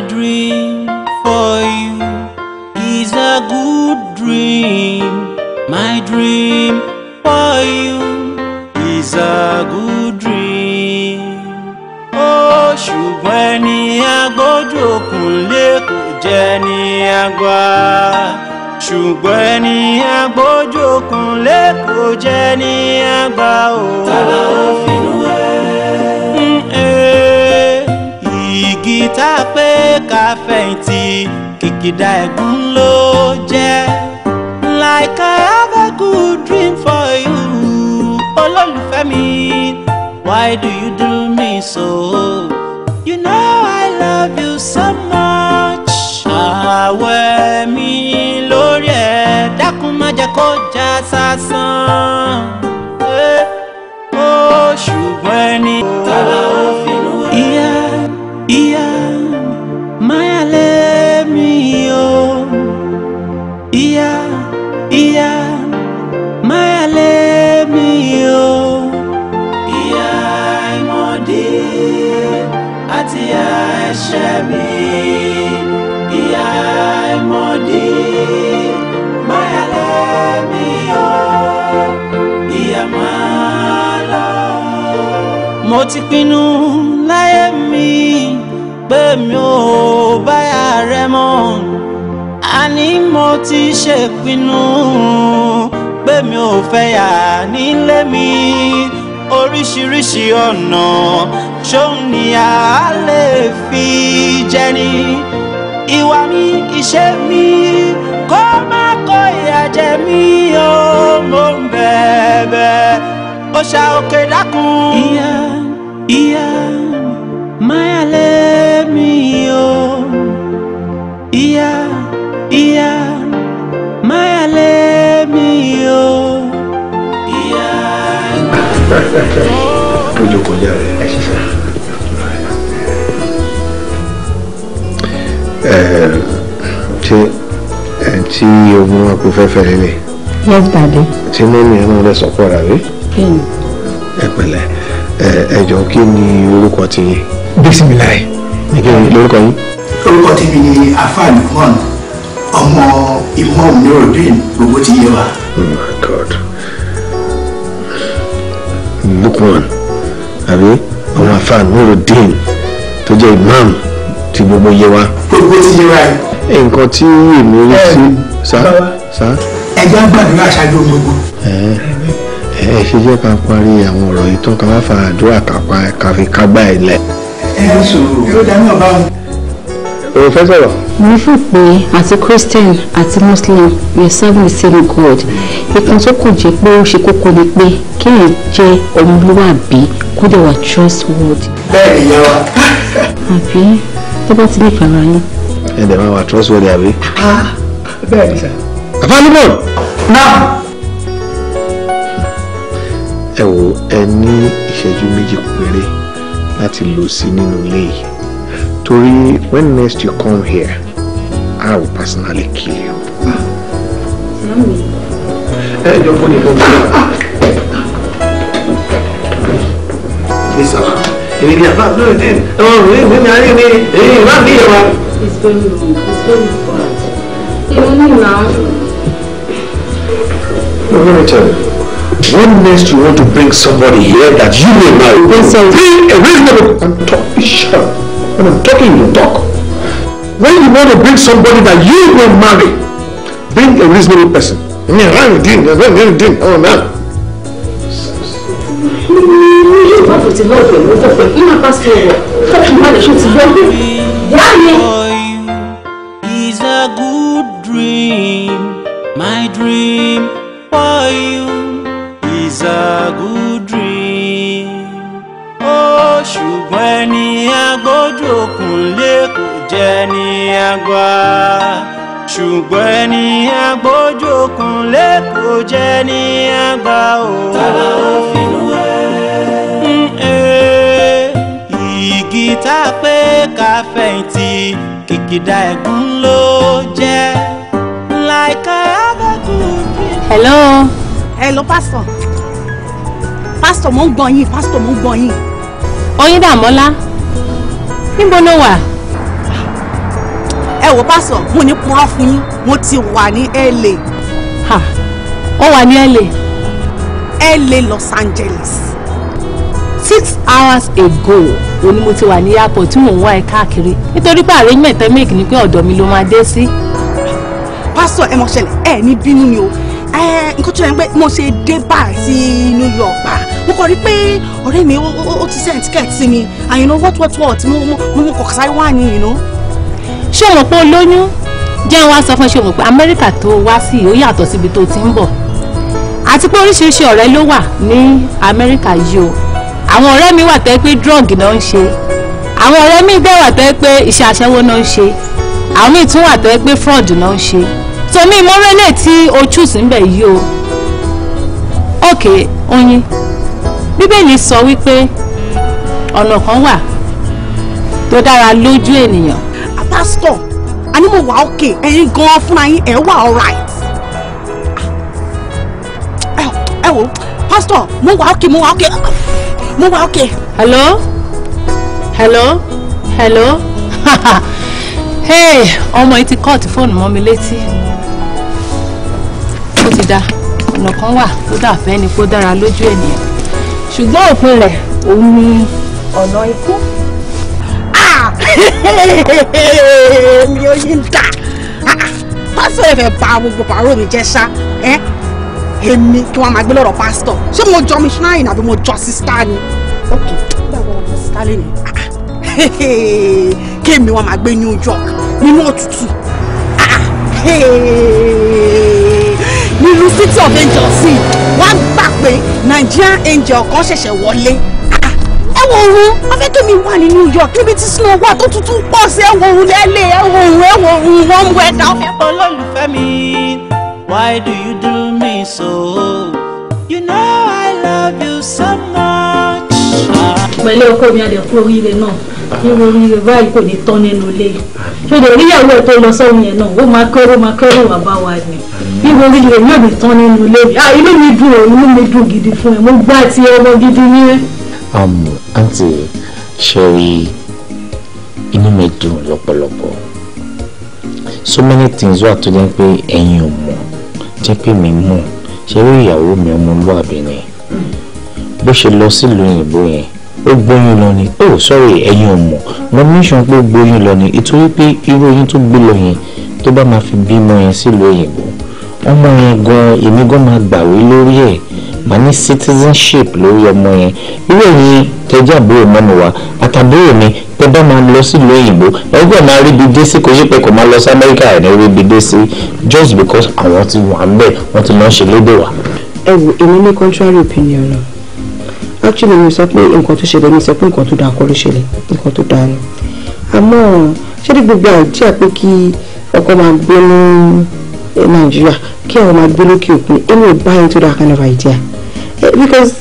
my dream for you is a good dream. My dream for you is a good dream. Oh, ṣùgbọ́n ẹni agbójókun lé kò jẹ́ ní àgbà. ṣùgbọ́n ẹni agbójókun tá a pé ká fẹ̀yìntì kìkìdá ẹ̀gún ló jẹ́ like I have a good dream for you olólùfẹ́ mi why do you do me so you know I love you so much àwẹ̀ mi lórí ẹ̀ dákun má jẹ́ kó já sásán ó eh, oh, ṣùgbọ́n ẹni. ti pinnu láyé mi pé mi ò báyà rẹ mọ́ àní mo ti ṣèpinnu pé mi ò fẹ́ yà nílé mi oríṣiríṣi ọ̀nà ṣóun ni a lè fi jẹni ìwà mi ìṣe mi kó má kó ìyà jẹ ó mò ń bẹ̀bẹ̀ ó ṣá òkè dákun. ìyá ìyá máyà lẹ́mí o ìyá ìyá máyà lẹ́mí o ìyá. ojú kò jẹ́ ẹ ṣiṣẹ́. ṣé ẹ tí ọmọ wa kò fẹ́ fẹ́ lélẹ̀. yes daddy. ṣé mọ́mí ẹ náà lè sọ pọ̀ rà rí. ẹ pẹ̀lẹ́ ẹ jọ kí ni orúkọ ti yín. bisimilayi. kí ni lórúkọ yín. orúkọ tèmi ni afa lukman ọmọ imam nurudin gbogbo ti yé wa. oh my god lukman àbí ọmọ afa nurudin tó jẹ́ imam ti gbogbo yé wa. gbogbo ti yé wa yìí. nǹkan tí èmi rí sí. sá sá. ẹ̀jẹ̀ ń gbàdúrà ṣáájú gbogbo ẹ ṣe jẹ́ ká parí àwọn ọ̀rọ̀ yìí tán ká wá fa àdúrà kápá káfí kágbá ẹ̀ lẹ̀. ẹ ẹ sọ̀rọ̀ yóò dá náà bá wọn. o fẹ́ sọ̀rọ̀. mo fò pé àti christian àti muslim we are serving the same god ìkan tó kàn jẹ́ pé ó ṣe kókó ni pé kéèyàn jẹ́ ọmọlúwàbí kó dẹ̀ wà trustworthy. bẹ́ẹ̀ ni yẹn wa. àbí tó bá ti lè fara yín. ẹ dẹ̀ máa wà trustworthy àbí. Ah, bẹ́ẹ̀ ni sà. àbálùbọ̀n. náà ẹ wò ẹ ní ìṣẹ́jú méjì péré láti lò sí nínú ilé yìí torí when next you come here I will personally kill you. ẹ jọ fún ìbọn mi. Lisa, èmi ni àbá lórí dín, ẹ wọ́n rò ní mi ayé mi, èyí ìwà mi yẹ It's very long. it's very bad. Èmi ni ìlànà. No, let me tell you. When next you want to bring somebody here that you may marry, be reasonable and talk. Be sure. When I'm talking, you talk. When you want to bring somebody that you will marry, bring a reasonable person. I mean, I'm doing, I'm doing, oh man. fẹ̀yìntì kìkìdá ẹ̀gún ló jẹ́ like I ever do. hello. hello pastor pastor mo ń gbọ́ yín pastor mo ń gbọ́ yín. oyin dàmọ́lá níbo ló wà. ẹ wo pastor mo ní purọ́ fún yín mo ti wà ní LA. ó wà ní LA. LA Los Angeles hours ago o ni mo ti wà ní airport tí mò ń wá ẹ káàkiri nítorí pé arrangement ẹ make ni pé ọ̀dọ̀ mi ló máa dé sí. pásítọ̀ ẹ mọ̀ ṣẹlẹ̀ ẹ ní bínú ni o nǹkan tó yẹ pé mo ṣe dé bá sí New York pa mo kọ rí pé ọ̀rẹ́ mi ó ti send ticket sí mi and you know what what what mo mo mo kọ̀ sáré wá ni you know. ṣé o mọ̀ pé o lóyún jẹ́ wá sọ fún ṣe o mọ̀ pé Amẹ́ríkà tó wá sí ó yàtọ̀ síbi tó ti ń bọ̀ àti pé oríṣiríṣi ọ̀rẹ́ ló wà ní Amẹ́ríkà yìí o àwọn ọ̀rẹ́ mi wà tẹ́ pé drug náà ń ṣe àwọn ọ̀rẹ́ mi dẹ̀ wà tẹ́ pé iṣẹ́ aṣẹ́wó náà ń ṣe àwọn míì tún wà tẹ́ pé fraud náà ń ṣe tòmí mọ́rẹ́lẹ̀ tí o choose níbẹ̀ yìí o ok oyin bíbélì sọ wípé ọ̀nà kan wà tó dára lójú ènìyàn. Ah, pásítọ̀ a ní mo wà òkè ẹ̀yin gan fúnra yín ẹ̀ wà alright. Ah, ẹ wo Pastor, mo wà òkè mo wà òkè mo wà ókè. hello hello hello hey ọmọ yìí ti kọ́ọ̀tù fóònù mọ́ mi létí ó ti da ọ̀nà kan wà tó dà fẹ́ ni kó dára lójú ènìyàn ṣùgbọ́n òpin rẹ̀ òun ni ọ̀nà ikú ah! mi ò yí ń ta ah! pásítọ̀ ẹ̀fẹ̀ pa gbogbo pàrọ̀ mi jẹ́ ṣá ẹ́ èmi kí wọ́n máa gbé lọ́rọ̀ pásítọ̀ ṣé mo jọ missionary àbí mo jọ sísítà ni ok nígbà wo ọ̀rọ̀ sísítà lè ní kí èmi wọ́n máa gbé New York nínú òtútù nínú city of Angel yìí wọ́n gbà pé Nigerian angel kan ṣẹ̀ṣẹ̀ wọlé ẹ wo òun afẹ́kẹ́mi wà ní New York níbi tí snow wà tó tutù pọ̀ sí ẹ wo òun lẹ́lẹ̀ ẹ wo òun ẹ wo òun wọ́n mú ẹ dá ọ̀fẹ́. olólùfẹ́ mi Why do you do me so? You know I love you so much. Pẹ̀lẹ́ ọkọ mi adẹ̀ kú oríire náà. Irú oríire báyìí kò ní tán nínú ilé. Ṣọdọ̀ oríyàwó ẹ̀ tó lọ sọ́run yẹn náà, ó máa kẹ́rù máa kẹ́rù wà bá wa ni. Irú oríire yóò ní tán nínú ilé. Inú mi dùn o, inú mi dùn gidi fún ẹ. Mo gbá ti ọmọ gidi ní. Àǹtí um, Ṣẹ́rí, inú mi dùn lọ́pọ̀lọpọ̀. So many things wà tó jẹ́ pé ẹ̀yin ò mọ̀ jẹ́ pé mi mọ̀ ṣé rí ìyàwó mi ọmọlúwàbí ni bó ṣe lọ sílùú òyìnbó yẹn ó gbóyún lọ ni oh sorry ẹ̀yin ò mọ̀ mo mention pé ó gbóyún lọ ni ìtorí pé irú oyún tó gbé lọ yẹn tó bá máa fi bímọ yẹn sílùú òyìnbó ọmọ yẹn gan èmi gan máa gbàwé lórí ẹ̀ màá ní citizenship lórí ọmọ yẹn irú ẹ̀yin tẹ́jú àbúrò mọ́mi wa àtàbúrò mi tẹ bá máa lọ sílùú òyìnbó ẹgbẹ́ máa rí ibi dé sí kò yí pé kò máa lọ sí amẹ́ríkà ẹ̀ ní rí ibi dé just because àwọn ti wà ń bẹ̀ wọ́n ti lọ́ọ́ ṣe lédè wa. ẹ wo èmi ní contrary opinion náà actually mi sọ pé nǹkan tó ṣẹlẹ̀ mi sọ pé nǹkan tó dáa kọ́ ló ṣẹlẹ̀ nǹkan tó dáa ni àmọ́ ṣé ní gbogbo àjíà pé kí ọkọ máa gbé ní nàìjíríà kí ẹ̀rọ máa gbé lókè òkun èmi ò bá yẹn tó dáa kind of idea because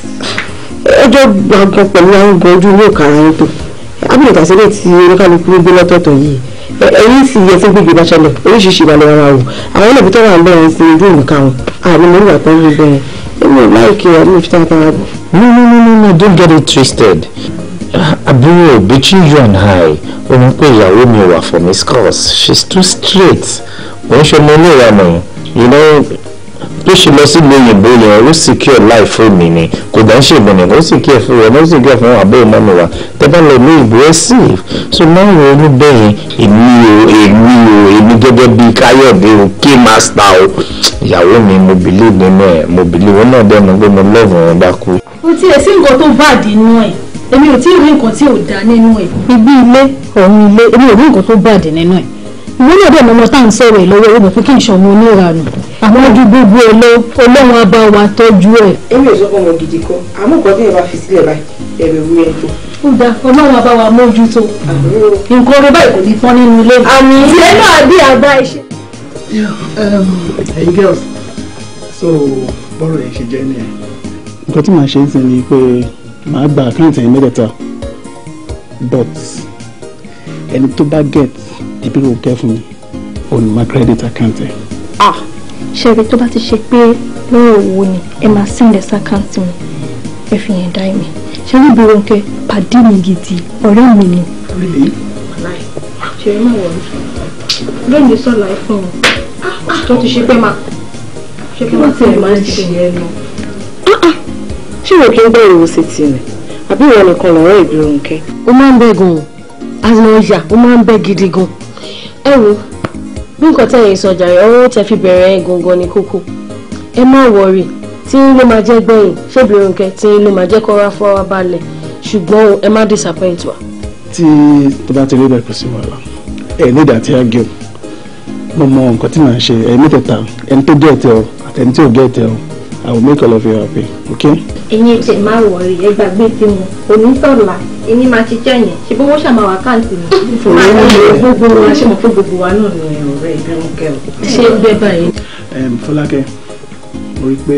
ọjọ́ gbàgbọ́ pẹ̀lú àwọn ọgbọ̀n ojú ilé òkà ara yín tó abúlé ìdásílẹ̀ tí oníkálukú gbé lọ́tọ̀ọ̀tọ̀ yìí ẹ̀yìn sì yẹ sí gbègbè bàṣẹlẹ̀ oríṣiríṣi ìbàlẹ̀ ara wò àwọn ẹlẹ́bí tó wà ń bẹ̀rẹ̀ sí ojú ìmọ̀ká wọn àmì mo nígbà kan ń bẹ̀rẹ̀ èmi ò láìkè ẹ̀ mi fi tán tán ààbò. no no no no no don't get it twisted àbúrò between you and I òun pé ìyàwó mi wà for miss cause she's too straight òun ṣe mo ní ìyá you know ló ṣe lọ sí ìlú òyìnbó yẹn ó sì kí ọ̀ láì fún mi ni kò dá ń ṣe ìbọn nìkan ó sì kí ẹ̀ fún wọn ó sì kí ẹ̀ fún àbẹ́ ìmọ̀ mi wá tẹ́bá lọ ní ìbò ẹ̀ sí so máa ń ronú bẹ́yìn èmi o èmi o èmi gẹ́gẹ́ bíi káyọ̀dé o kí mástà o ìyàwó mi mo bìlí nínú ẹ̀ mo bìlí wọn náà dẹ́nu pé mo lọ́ọ̀fù wọn bá kú. o tiẹ̀ sí nǹkan tó bá dínú ẹ̀ èmi ò tí ì rí nǹkan tí ò dá nínú ẹ̀. ibi ilé ọ̀run ilé èmi ò rí nǹkan tó bàdé nínú ẹ̀ ìwé náà dẹ̀ mọ́mọ́ tá à ń sọ̀rọ̀ ẹ̀ lọ́wọ́ ó mọ̀ pé kí n ṣọ̀mọ́ onírànù àmọ́ ju gbogbo ẹ lọ ọlọ́run wa tọ́jú ẹ̀. èmi ò sọ fún ọmọ gidi kan àmọ́ nǹkan tí yẹn bá fi sílẹ̀ báyìí ẹ̀rẹ̀ wú tó. ó dáa ọlọ́run á wa mójútó nǹkan orí báyìí kò ní pọ́n nínú ilé. àmì ìṣe náà bí àgbá ìṣe. ẹ̀yin girls so bọ́rọ̀ yẹn ṣe jẹ́ nìyẹn. nǹkan tí màá ṣe ń sìn ni pé màá gba àkáǹtì ẹ̀yìn mẹ́tẹ̀ẹ̀ta but ẹni tó bá get ìbírò kẹ́ fún mi òun credit àkáǹtì. ah ṣebí tó bá ti ṣe pé lórí òwò ni ẹ máa send ẹ sákàǹtì mi ẹ fi yẹn dá mi ṣebí bí Rónkẹ́ pàdé mi gidi ọ̀rẹ́ mi ni. ṣe é má wọlé lónìí sọ̀lá ẹ fún un ah, ah, tó ti ṣe pé máa ṣe pé wọ́n ti ẹ̀ máa ń ṣe yẹn lọ. Ah, ṣé ìwọ kí n gbọ́ ìwò sí ti rẹ̀ àbí ìwọ nìkan lọ́rọ̀ ìbí Rónkẹ́. ó máa ń bẹ gan-an àlọ́ ọ̀yà ó máa ń bẹ gidi gan-an ẹ wo bí nǹkan tẹ̀yìn sọjà rẹ̀ ọ̀rọ̀ tẹ fi bẹ̀rẹ̀ gangan ní kókó ẹ má wọrí tí ló máa jẹ́ gbẹ̀yìn ṣébìrin kẹ tí ló máa jẹ́ kọ́ra fọ́ra balẹ̀ ṣùgbọ́n ẹ má disappoint wa. tí tó bá ti kò sí wàhálà ẹ ní ìdá tí a gé o mo mọ nǹkan tí màá ṣe ẹ mẹ́tẹ̀ẹ̀ta ẹni tó gé ẹ̀tẹ̀ o àtẹni tí ò gé ẹ̀tẹ̀ o I will make all of you happy okay. ẹ̀yin tẹ má wọrí ẹ gbàgbé tí mo onítọ̀la ẹ̀yin máa ṣiṣẹ́ yẹn ṣe bówó ṣàmáwá káàntì mi. fòwò ní gbogbo wa ṣe mọ̀ fún gbogbo wa náà nìyẹn bẹ ìbínú kẹrù. ṣé ń bẹ báyìí. fọlákẹ́ mo rí i pé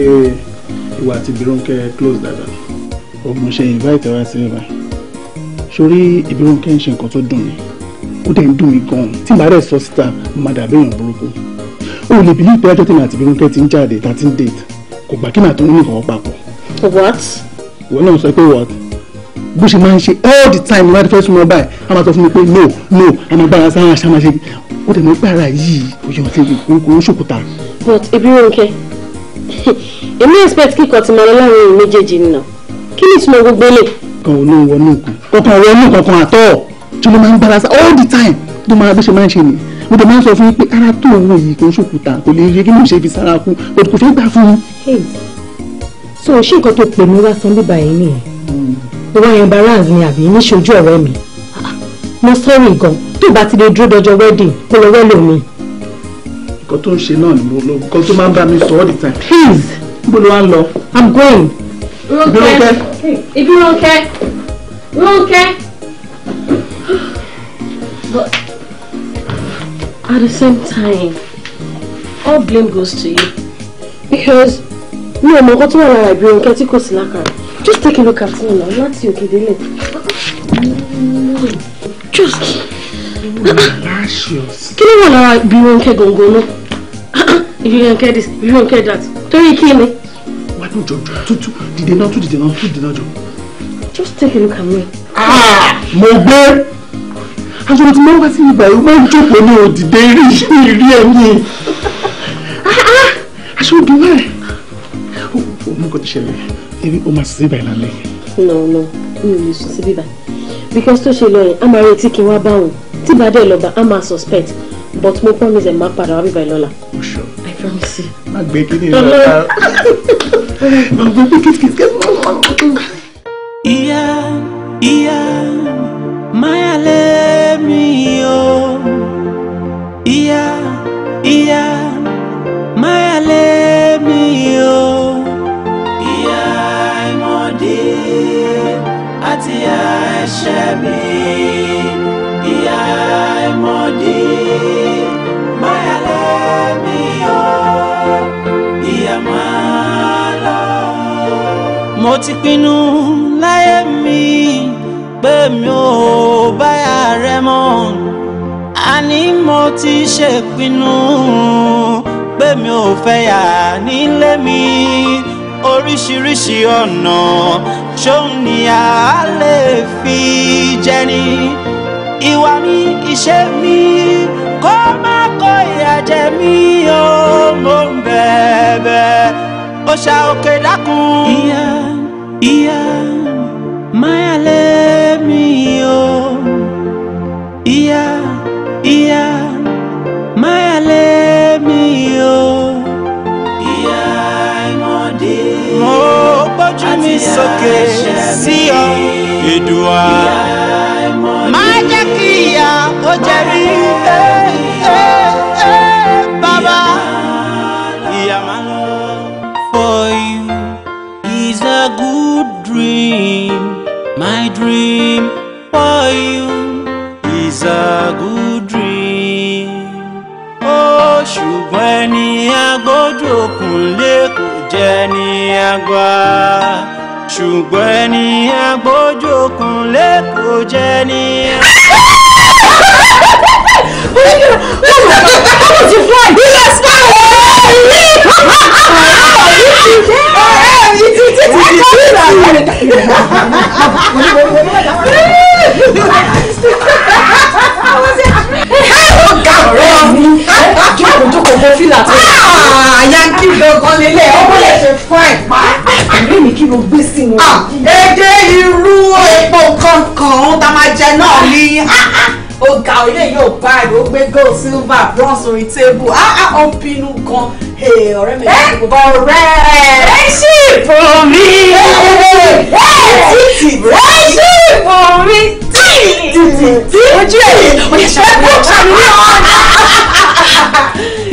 ìwà àti ìbírúnkẹ́ close dáadáa ogun ṣe invite wa sí ibà sórí ìbírúnkẹ́ ń ṣe nǹkan tó dùn mí ó dẹ̀ ń dùn mí gan-an tí màá rẹ̀ sọ síta màá dàbí èèyàn burúkú ó lè bí ìpẹ́ ọjọ́ tí àti ìbírúnkẹ́ ti ń jáde thirteen date kò gbà kí màá tó ní nǹkan papọ̀. what. ìwọ náà sọ pé what bó ṣe máa ń ṣe all the time ìwádìí fẹ́ súnmọ́ báyìí a máa sọ fún mi pé no no a máa bára sára ṣá máa ṣe ó dẹ̀ pé ara yìí òjò ti kò ń ṣòkòtà. but ibi ronke èmi expect kíkọ ti máa lọ láàrin ìlú méjèèjì nìyà kí ni ìtumọ̀ gbogbo lè. kan ò ní wọnú nǹkan ọkàn wọnú kankan àtọ tí ló máa ń bára sá all the time tó máa bó ṣe máa ń ṣe nìyí mo dẹ̀ máa ń sọ fún yín pé ara tó òun yìí kò ń ṣòkòtà kò lè rí kí mo ṣe fi sára kú kò fẹ́ gbà fún yín. so ṣé nǹkan tó pè mí wá san bíbá yìí nìyẹn. Hmm ó wá embarrass ni àbí níṣojú ọ̀rẹ́ mi mo sọ́rí gan tó bá ti lè dúró dọjọ́ wedding kó lọ wẹ́ lómi. nǹkan tó ń ṣe náà ni mo lọ nǹkan tó máa ń bá mi sọ all the time. please. níbo ló wá ń lọ. i'm going. Ronke ibi Ronke Ronke. but at the same time all blame goes to you because mi ò mọ nǹkan tó wà lára ìbí Ronke tí kò sí lákàrà. Just take a look at me now. Láti òkè délẹ̀. Just. Kí ló wà lára ibi wọn kẹ́ gbọ̀ngàn náà? If you don't care this, if you don't care that. Torí kí ni? Wà á dùn jọ jọ tútù dìde náà tún dìde náà tún dìde náà jọ. Just take a look at me. Ah, mo gbé aṣọ tí mo wá sí ibà yìí wọ́n jókòó ní òdìdé rí ìrí ẹ̀yìn ah, ah, aṣọ òdùnmọ́ rẹ̀ ó mú kò ti ṣẹlẹ̀ ebi o máa ṣe báyìí lálẹ́. no no mi ò lè sùn síbí bá because tó ṣe lọ yẹn a máa retí kí n wá bá wọn tí bá dẹ̀ lọ́ba a máa suspect but mo promise ẹ̀ máa padà wá bíbá ẹ̀ lọ́la. o oh, ṣọ i promise you. má gbé kí ni ìlọ́ta má gbé kí kí kí kí. ìyá ìyá máyà lé mi o ìyá ìyá. ti pinnu láyé mi pé mi ò báyà rẹ mọ́ àní mo ti ṣèpinnu pé mi ò fẹ́ nílé mi oríṣiríṣi ọ̀nà ṣóun ni a lè fi jẹni ìwà mi ìṣe mi kó má kó ìyà jẹ mí ó mò ń bẹ̀bẹ̀ ó ṣá dákun. ìyá ìyá máyà lẹ́mí o ìyá ìyá máyà lẹ́mí o ìyá ìmọ̀dé mo gbójú mi sókè sí ọ Èdùà. bá ṣùgbọ́n ẹni agbójókun lẹ́kọ̀ọ́ jẹ́ ní. Thank you. jókòó jókòó kó fílà tó. yankí gbọ̀ngàn lélẹ̀ ọmọ lè ṣe fine. ìlú mi kí ló gbé sí mi. èdè irú epo kankan tá a máa jẹ náà ni ọ̀gá ilé yóò bá ìlú ó gbé gold silver bronze orí tébù áá ó bínú gan ọ̀rẹ́ mi. ọ̀rẹ́ friendship mi. friendship mi ojú ẹ̀ oye ṣàkóso ṣàkóso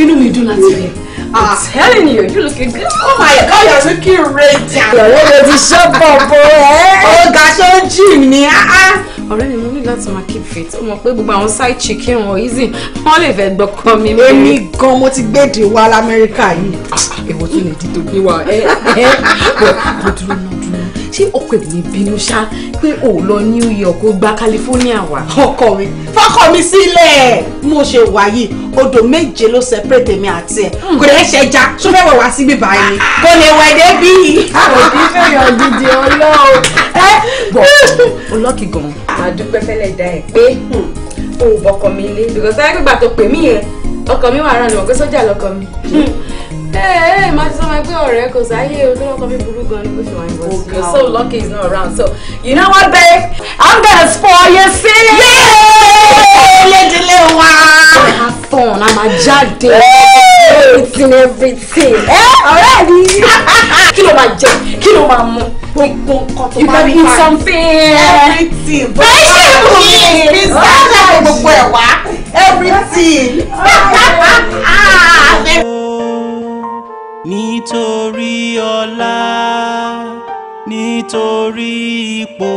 inú mi dùn láti rí I'm telling you, you looking good. Oh my God, you're looking great. Ìyàwó rẹ̀ ti ṣọ́ bọ̀bọ̀ ẹ́. Ọ̀gá Jimmy, ń jì mí ah, ah. ọ̀rẹ́ mi keep fit ó mọ̀ pé gbogbo side chicken wọn easy All of it, gbọ́kọ́ come. èmi gan go motivate you while America. yìí. Ah, èwo tún lè di tó gbé wa ẹ ṣé ọkọ ẹ̀ lè bínú ṣá pé ò lọ New York ó gba California wá. ọkọ mi fọkọ mi sílẹ̀ mo ṣe wà yìí odò méje ló separate èmi àti ẹ̀ hmm. kò lè ṣe ja tó fẹ́ wẹ̀ wá síbí báyìí ah. kò lè wẹ̀ dé bí. òbí fẹ́yàn gidi ọlọ́ọ̀ ẹ́ bọ̀ ọlọ́kì gan. àdúpẹ́ fẹ́lẹ̀ dá ẹ̀ pé hmm, o bọkọ mi lé because ẹ gbàgbọ́ pé mí yẹn ọkọ mi wà rán ni wọn pé sójà lọkọ mi. Hmm. Hey, my son, my good because I hear you're gonna come in blue gun with your voice. You're so lucky he's not around. So you know what, babe? I'm gonna spoil your city. Yeah, little one. Have fun. I'm a It's in everything. Eh, already. Kill my máa Kill my ló You can eat something. Everything. everything. everything. Ah, everything nítorí ọlá nítorí ipò.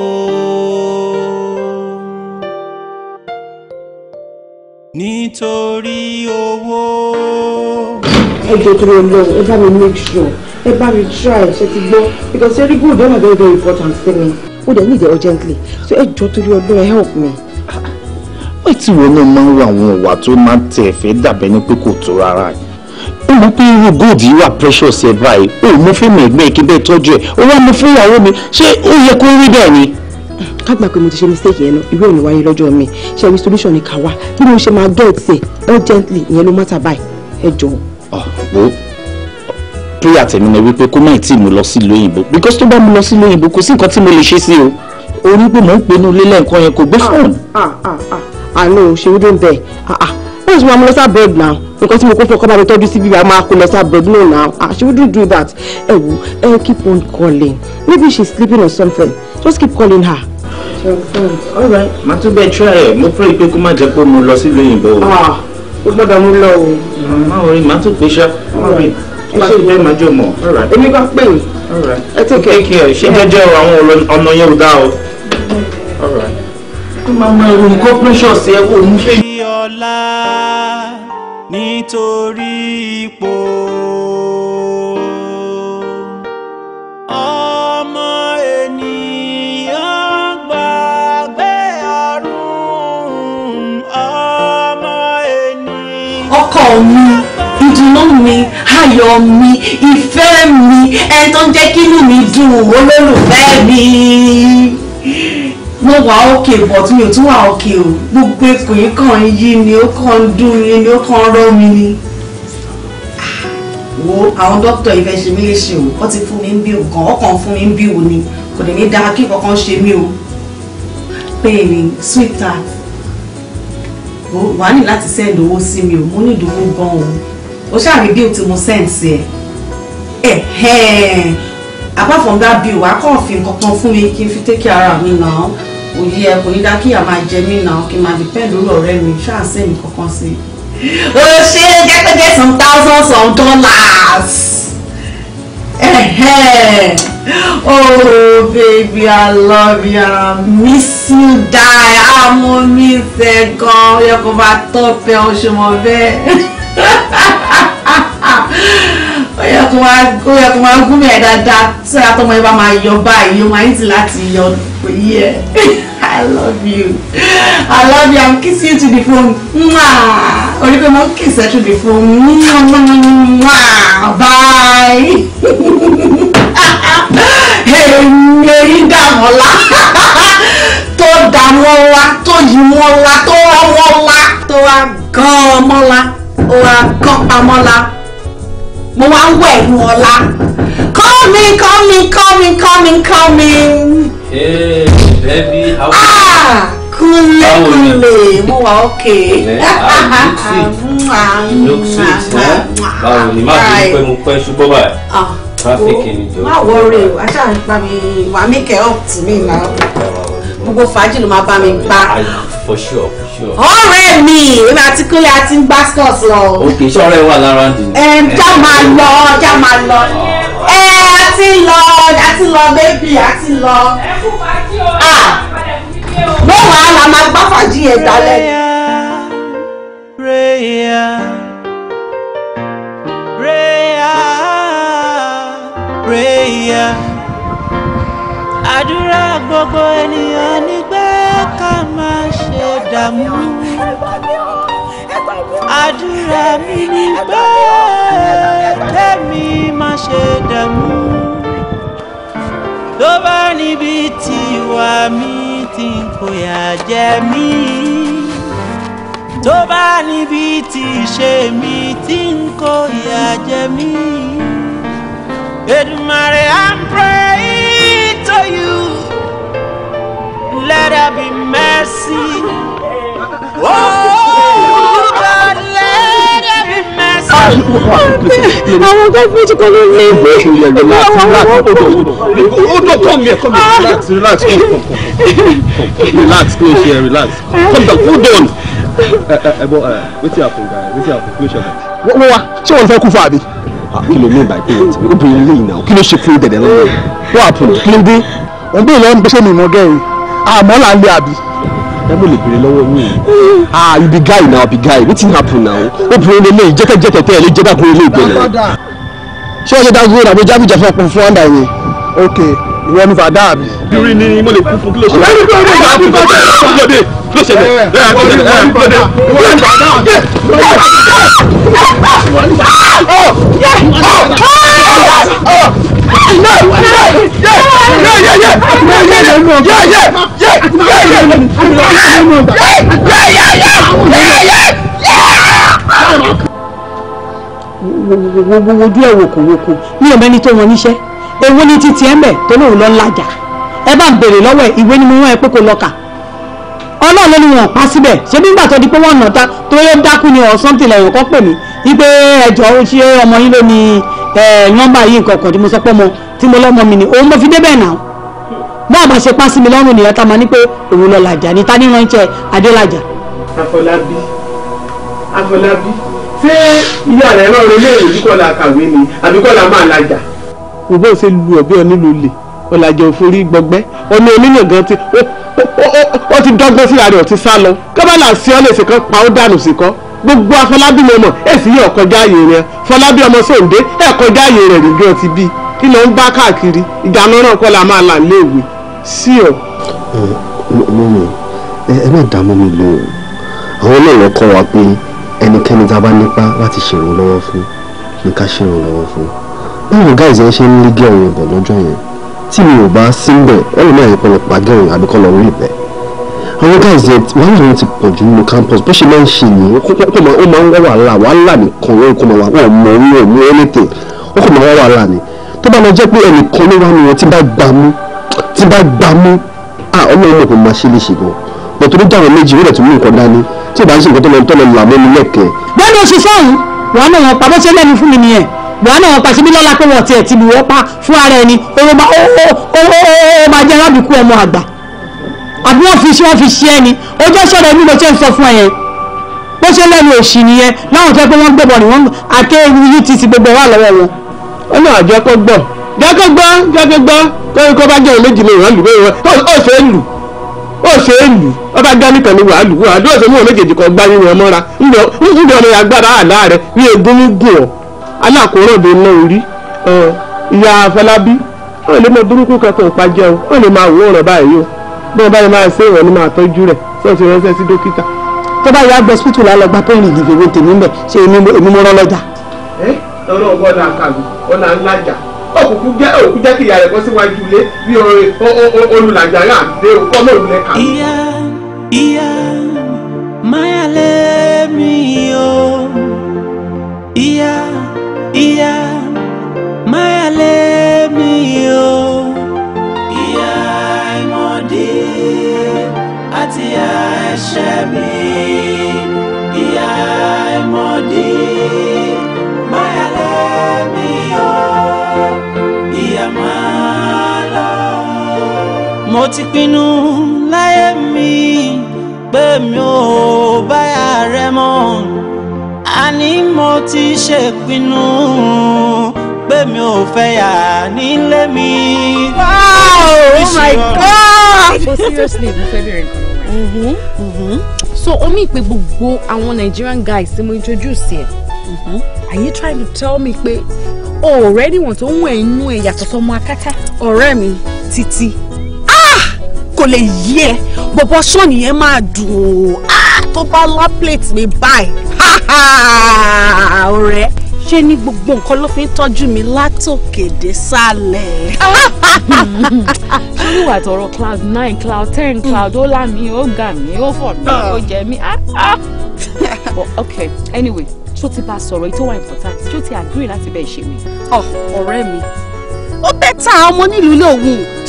nítorí owó. ẹ jẹ́ torí ọlọ́run ẹ bá mi make sure ẹ bá mi try ṣe ti gbọ́ because every good don very very important to me ó dẹ̀ need it urgently so ẹ jọ torí ọlọ́run help me pé tí wọn náà máa ń wo àwọn ìwà tó máa ń tẹ̀ fẹ́ dàbẹ́ ní pé kò tó rárá yìí ó mọ̀ pé irú gold yìí wà precious ẹ̀ báyìí ó mú fún mi ẹ̀gbẹ́ kí bẹ́ẹ̀ tọ́jú ẹ̀ ó wá mú fún ìyàwó mi ṣé ó yẹ kó rí bẹ́ẹ̀ ni. ká gbà pé mo ti ṣe mistake yẹn lọ irú ẹ̀ ní wáyé lọ́jọ́ mi ṣe àwí solution ni ká wá bí mo ṣe máa get ẹ̀ urgently ìyẹn ló mọ́tà báyìí ẹ jọ̀ọ́. ọ̀pọ̀ prayer tèmi ni wípé kó má ì tí mo lọ sí ìlú òyìnbó because tó bá mo lọ sí ìlú òyìnbó kò sí nǹkan tí mo lè ṣe sí o orí pé mò ń pinnu lélẹ̀ nǹkan yẹn kò gbé ah, fóònù. àná òṣèré dùn bẹ́ẹ̀ ah, ah wọ́n is máa mú lọ sábẹ́ẹ̀d náà nǹkan tí mo kó fún ọkọ bá mi tọ́jú síbi bá máa kó lọ bed náà Now, ah she wouldn't do that ẹ wo ẹ keep on calling maybe she's sleeping or something just keep calling her. all right màá tún bẹ́ẹ̀ try ẹ̀ mo pray pé kó má jẹ́ pé mo lọ sílùú òyìnbó o. o ah, gbọ́dọ̀ lọ o. Mm, máa wọrí màá tún pè ṣá ẹ ṣe ìgbẹ́ màá jò mọ̀. èmi bá pè é ẹ tẹ̀kẹ́ ẹ ṣe jẹ́jẹ́ àwọn ọmọ yẹn ò dá o. kó máa mọ ìròyìn sí ẹ kó o mú fẹ́ ọlá nítorí ipò. ọkọ mi ìdùnnú mi ayọ̀ mi ìfẹ́ mi ẹni tó ń jẹ́ kínú mi dùn olólùfẹ́ mi wà òkè but mi ò tún wà òkè o gbogbo èpò yìí kàn ń yí ni ó kàn ń dùn mí ni ó kàn ń rọ́ mi ni. wo àwọn dókítà ìfẹ́ ṣe mí léṣe o wọ́n ti fún mi ń bí o kàn ọkàn fún mi ń bí o ni kò dẹ̀ ní dáa kí kankan ṣe mí o. pẹ́ẹ́nì sweeter wà á ní láti send owó sí mi o mo ní ìdòwò gan o o ṣàrí bill tí mo send sí ẹ ẹ apart from that bill wà á kàn fi nǹkan kan fún mi kí n fi take care ara mi náà òye ẹ kò ní dá kíyà máa jẹ mí náà kí n máa depend lórí ọ̀rẹ́ mi ṣáà mi kankan sí i. o ṣe jẹ́pẹ́jẹ́ some thousands of dollars. oh baby i love you i miss you die I'm amú mi sẹ́gàn ọyọkọ̀ bá tọ́ pẹ́ ọṣùmọ̀ bẹ́ẹ̀. yẹ kó máa gún mẹ́ẹ̀ dáadáa síra tọmọ ẹ bá máa yọ báyìí ó máa ń tì láti yọ yẹ i love you i love you i'm kissing you to the phone orí pé mo ń kiss ẹ to the phone bye èyí dààmú ọ̀la tó dààmú ọ̀la tó yìí ọ̀la tó ọwọ́ ọ̀la tó wá gan ọmọla ó wá gan pamọ́la mo wá ń wẹ̀ ní ọlá coming coming coming coming coming. Hey, baby, how ah kúnlé kúnlé mo wà ókè. báwo ni má bí pé mo pẹ́ ṣubọ́ báyìí. Ah, traffic ni jọ. má wọrí o àṣà ń pa mi wà mí kẹ́ up to me now gbogbo fàájì ló máa bá mi pa. for sure for sure. ọ̀rẹ́ mi èmi àti kúnlẹ̀ àti ń gbásíkọ̀sì lọ. ok ṣé ọ̀rẹ́ wà lára ń dùn. ẹ já máa lọ já máa lọ. ẹ a lọ a lọ bébì a lọ. ẹ ah! fàájì o. no wàhálà máa gbá fàájì yẹn dalẹ̀. prayer prayer prayer àdúrà gbogbo ènìyàn ní pé ká má ṣe dààmú àdúrà mi ní pé tèmi má ṣe dààmú tó bá níbi tiwa mi ti ń kóyà jẹ mí tó bá níbi tí ṣe mi ti ń kóyà jẹ mí Èdùmàrè à ń you. Let her be mercy. Oh, God, let her be mercy. Àwọn ọgbẹ́ méjì kan ló lé mi. Relax, relax, hold on, come here, come here, relax, relax, come, come, come. Relax, go here, relax. Come down, hold on. Ẹ ẹ bọ ẹ wetin happen guy, wetin happen, kí ló ṣẹlẹ̀? Wọ́n wá, ṣé wọ́n fẹ́ kú fún àbí? Ah, kí ló ní by ìpínlẹ̀ tí obìnrin lè yìnà kí ló ṣe fún dẹ̀dẹ̀ lọ́wọ́ wọ́n àpòlù kí ló dé. òun bí ìlọrin bẹ́sẹ̀ mi mọ gẹ́rin àmọ́ là ń lé àbí. ẹ mo lè béèrè lọ́wọ́ yín ah you be guy now be guy wetin happen now obìnrin lè lè jẹ́kẹ́jẹ́kẹ́ tẹ́ ẹ lè jẹ́ dàgbére lè gbẹ̀lẹ̀. ṣé o ṣe dàgbére làbí jábì jẹ́ fún ọkùnrin fún ọ̀ndà yẹn ok ìwọ ni fàdá àbí. bí ló ṣe lè ẹ ló ṣe lè ẹ ló dé. wojú ẹ̀ wòkòwòkò ní ọ̀bẹ́ni tó wọn níṣẹ́ èwo ni titi ẹ̀ mẹ́ tó lóun lọ́ọ́ lájà ẹ bá ń béèrè lọ́wọ́ ẹ̀ ìwé ni mo rán ẹ pé kó lọ́ọ́ ọlọ́run ló ní wọn pa síbẹ̀ ṣé nígbà tó di pé wọ́n nà ta tó yẹ dákú ni or something lẹ́yìn kan pè mí wípé ẹjọ́ ṣé ọmọ yín ló ní nọ́mbà yìí nǹkan kan tí mo sọ pé ọmọ tí mo lọ́mọ mi ni òun mo fi débẹ̀ náà bọ́ọ̀ bá ṣe pa sí mi lọ́rùn nìyẹn tá a máa ní pé òun lọ làjà ní ta ní ránṣẹ́ adélájà. Afọlábí Afọlábí ṣé ìyá rẹ náà relé ìlú kọlá kàwé ni àbí kọlá máa làjà. òbó ṣe lu ọbẹ onílù lè ọlàjà òforí gbọgbẹ ọmọ onílù gan ti ó wọ́n ti dọ́gbọ́n síra rẹ̀ ọ̀tí sá lọ kọ́bálà sí ọ́ lè ṣe kan pa ó dànù sí kan gbogbo afọlábí mi mọ̀ èsì yìí ọ̀kọjá ààyè rẹ̀ fọlábí ọmọ sóńdé ẹ̀ kọjá ààyè rẹ̀ rí bí ọ ti bí kí ló ń bá káàkiri ìdáná náà kọ́ la máa là ń léèwé sí ọ. mọ́mí ẹ má dààmú mi lò ó àwọn náà lọ́ọ́ kọ́ wa pé ẹnikẹ́ni tá a bá nípa láti ṣèrànlọ́wọ́ fún ní ká ṣèrànlọ́wọ́ fún báwo gáàsì yẹn ṣe ń lé gẹ̀ọ́yìn bọ̀ lọ́jọ́ yẹn tí mi ò bá síbẹ̀ ọ̀rọ̀ náà yẹn kọ́ lọ pa gẹ̀ọ́yìn àbí kọ́ lọ rí ìbẹ́ àwọn guys yẹn wàhálà wọn ti pọ̀ jù nínú campus bó ṣe máa ń ṣe nìyẹn ó máa ń wá wàhálà wàhálà nìkan wọn kò máa wà wọn mọ wọn ò mú anything wọn kò máa wá wàhálà ni tó bá lọ jẹ́ pé ẹnìkan ló wà nìyẹn tí bá gbà mú tí bá gbà mú à ọmọ ọmọ kò máa ṣe lè ṣe gan bọ̀tò ní dáhùn méjì ó lè tún mú nǹkan dání tí ìbá ń ṣe nǹkan tó lọ tó lọ là mọ́ mi lẹ́kẹ̀ẹ́. bẹ́ẹ̀ni oṣù sọ́hún wàhálà wọn pa bó ṣe lẹ́nu fún mi nìyẹn wàhálà wọn pa síbí lọ́la pé wọ́n tiẹ̀ ti lù wọ́n pa fún ara ẹni ó máa jẹ́ arábìkú ọmọ àgbà àbí wọ́n fi ṣe wọ́n fi ṣe ẹ́ ni ojú ọ̀ṣọ́ rẹ̀ níbo ṣe ń sọ fún ẹ yẹn bó ṣe lẹ́nu òṣì nìyẹn láwọn tó yẹ pé wọ́n gbẹ̀bọ̀ ni wọ́n àké utc gbogbo wà lọ́wọ́ wọn. ó náà jẹ́ kó gbọ́ jẹ́ kó gbọ́ jẹ́ kó gbọ́ kó kó bá jẹ́ ìlẹ́jì lè rán lù ó ṣe é lù ó ṣe é lù ó bá gbá nìkan ni wàá lù wàá dúró ṣe mú méjèèjì kan gbá yín wọn mọ́ra ńlẹ ọmọ agbára àlá rẹ ní egun ní gùn ọ alákòóràn ló ná orí ìyá Afọlábí ó lè mọ burúkú kankan ìpàjẹ́ ó lè máa wò ó báyìí o bí wọn bá yẹ máa ṣe ìwọ ni máa tọ́jú rẹ̀ sọ ti ránṣẹ́ sí dókítà. tó bá yà á gbọ́ hospital lálọ́ gba pain relief èwe tèmi mbẹ ṣe èmi mo rán lọ́jà. ẹ ọlọ́run bọ́ náà kàlù ọ̀nà ńlájà òkùnkù jẹ́ òkú jẹ́ kí ìyá rẹ̀ kọ́ síwájú ilé bí olùlàjà rà dé kọ́ mọ́ òrùlé kà. ìyá ìyá máyà lé mi o ìyá ìyá máyà lé mi. ti pinnu láyé mi pé mi ò báyà rẹ mọ́ àní mo ti ṣèpinnu pé mi ò fẹ́ yà nílé mi. wow oh my god. so seriously mo fẹ́ bẹ̀rẹ̀ nǹkan. Mm-hmm, mm-hmm. so omi ìpè gbogbo àwọn Nigerian guys tí mo introduce yẹn. Mm-hmm. are you trying to tell me pé ọ̀rẹ́ níwọ̀n tó ń wẹ̀ inú ẹ̀ yàtọ̀ sọmọ akátá. ọ̀rẹ́ mi títí kò lè yí ẹ bọ̀bọ̀ sọ́ọ̀nì yẹn máa dùn ó ah, tó bá lá plate mi báyìí ọ̀rẹ́ ṣé ní gbogbo nǹkan ló fi ń tọ́jú mi látòkè dé sálẹ̀. olúwa tọrọ cloud nine cloud ten cloud ó lá mi ó gà mí ó fọ̀ mí ó jẹ mí. Ah, ah. okay anyway ṣó ti bá a sọ̀rọ̀ èyí tó wà important ṣó ti agree láti bẹ́ẹ̀ ṣe mi. Oh, ọ̀rẹ́ mi ó bẹ́tà ọmọ nílùú lòun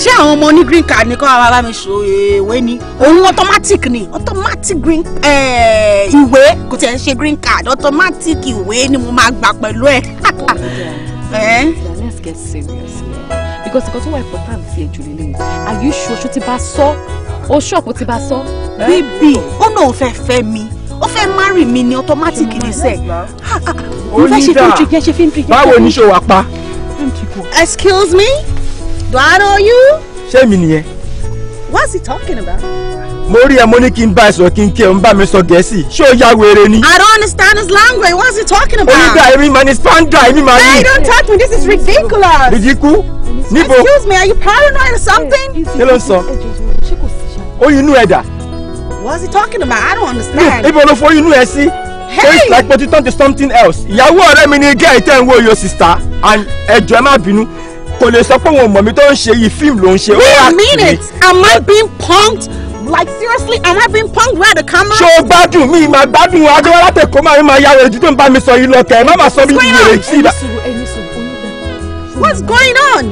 ṣé àwọn ọmọ ní green card ní kọ́ ara bá mi ṣò eh, ìwé ni òun automatic ni automatic green eh, ìwé kò tiẹ̀ ṣe green card automatic ìwé ni mo máa gbà pẹ̀lú ẹ̀. Eh? let's get serious here because nǹkan tó wà important sí èjò lélẹ̀ are you sure ṣó ti bá sọ o ṣọ́ọ̀pù ti bá sọ. bíbí ó náà fẹ́ fẹ́ mi ó fẹ́ marry mi ni automatic ni sẹ́ẹ̀. Ah, ah, onídàá báwo ni ṣe wà pa kù. excuse me do I know you. ṣé mi nìyẹn. what's he talking about. mo rí ẹ mo ní kí n bá ẹ sọ kí n kí ẹ ń bá mi sọ gẹ̀ẹ́sì ṣé o ya wèrè ni. I don't understand his language what's he talking about. onígbà èmi máa ní spandra èmi máa ní. hey don't touch me this is ridiculous. ridiculous níbo. excuse me are you paranoid or something. kí ló ń sọ oyinú ẹ̀dà. what's he talking about I don't understand. ibo ló fọ oyinú ẹ sí. Hey! It's like but you turn to something else. Ìyàwó ọ̀rẹ́ mi ni gẹ́ ìtẹ́ ń wo yo sister and ẹjọ́ ẹ má bínú. Kò lè sọ pé òun mọ̀ mi tó ń ṣe yìí fíìmù ló ń ṣe. Wait a minute, am I being punked? Like seriously, am I being punked by the camera? Ṣé o gbádùn mi? Màá gbádùn Adéwálá tẹ̀kọ́ máa ń máa yára ojú tó ń bá mi sọ yìí lọ tẹ̀. Má máa sọ bí ìrètí. What's going on?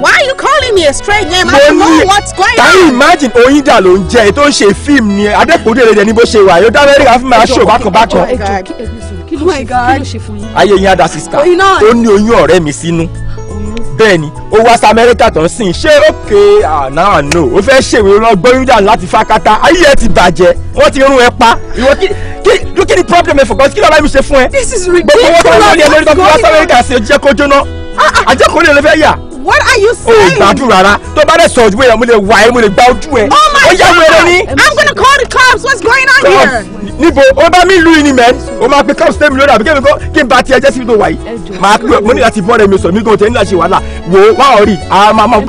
why are you calling me a strange name? i don't know what's going on. tàyí imagine oyin dà ló ń jẹ ètò ń ṣe fíìmù ni adẹ́kùnrin rẹ̀ ní bó ṣe wà yóò dá amẹ́ríkà fún mi aṣọ bákanbákan. Oh kí ló ṣe fún yín. Oh ayé yín ada sista oh, ó ní oyún ọ̀rẹ́ mi sínú bẹ́ẹ̀ ni ó wá sí amẹ́ríkà tó ń sìn ṣé òkè àná àná ó fẹ́ ṣèwé lọ gbóyún dànù láti fákátá ayé ẹ ti bàjẹ́ wọ́n ti rún ẹ pa ìwọ kí kí kí ni problem ẹ fọkàn kí lọ́la mi ṣe fún ẹ. this is ridiculous gbogbo wọn tó ń lọ ní amẹ́ríkà tó wá sí amẹ́ríkà sí ojúṣe kó jóná ah, ah. àjẹkùnrin rẹ fẹ́ yà what are you saying. o gbádùn rárá tó bá dẹ̀ sọ ojú ẹ̀ mo lè wà ẹ́ mo lè gba ojú ẹ̀. oh my god i'm gonna call the cops what's going on cops. here. níbo o bá mi lu ìní mẹ́ o máa pe cops tẹ́mi lórí àbí kẹ́mi kọ́ kí n ba tiẹ̀ jẹ́ síbi tó wà yìí. máa pe mo ní láti bọ́ rẹ̀ mi sọ mi gan tẹ̀ ní láti wàhálà wo wá ọ̀rí a máa máa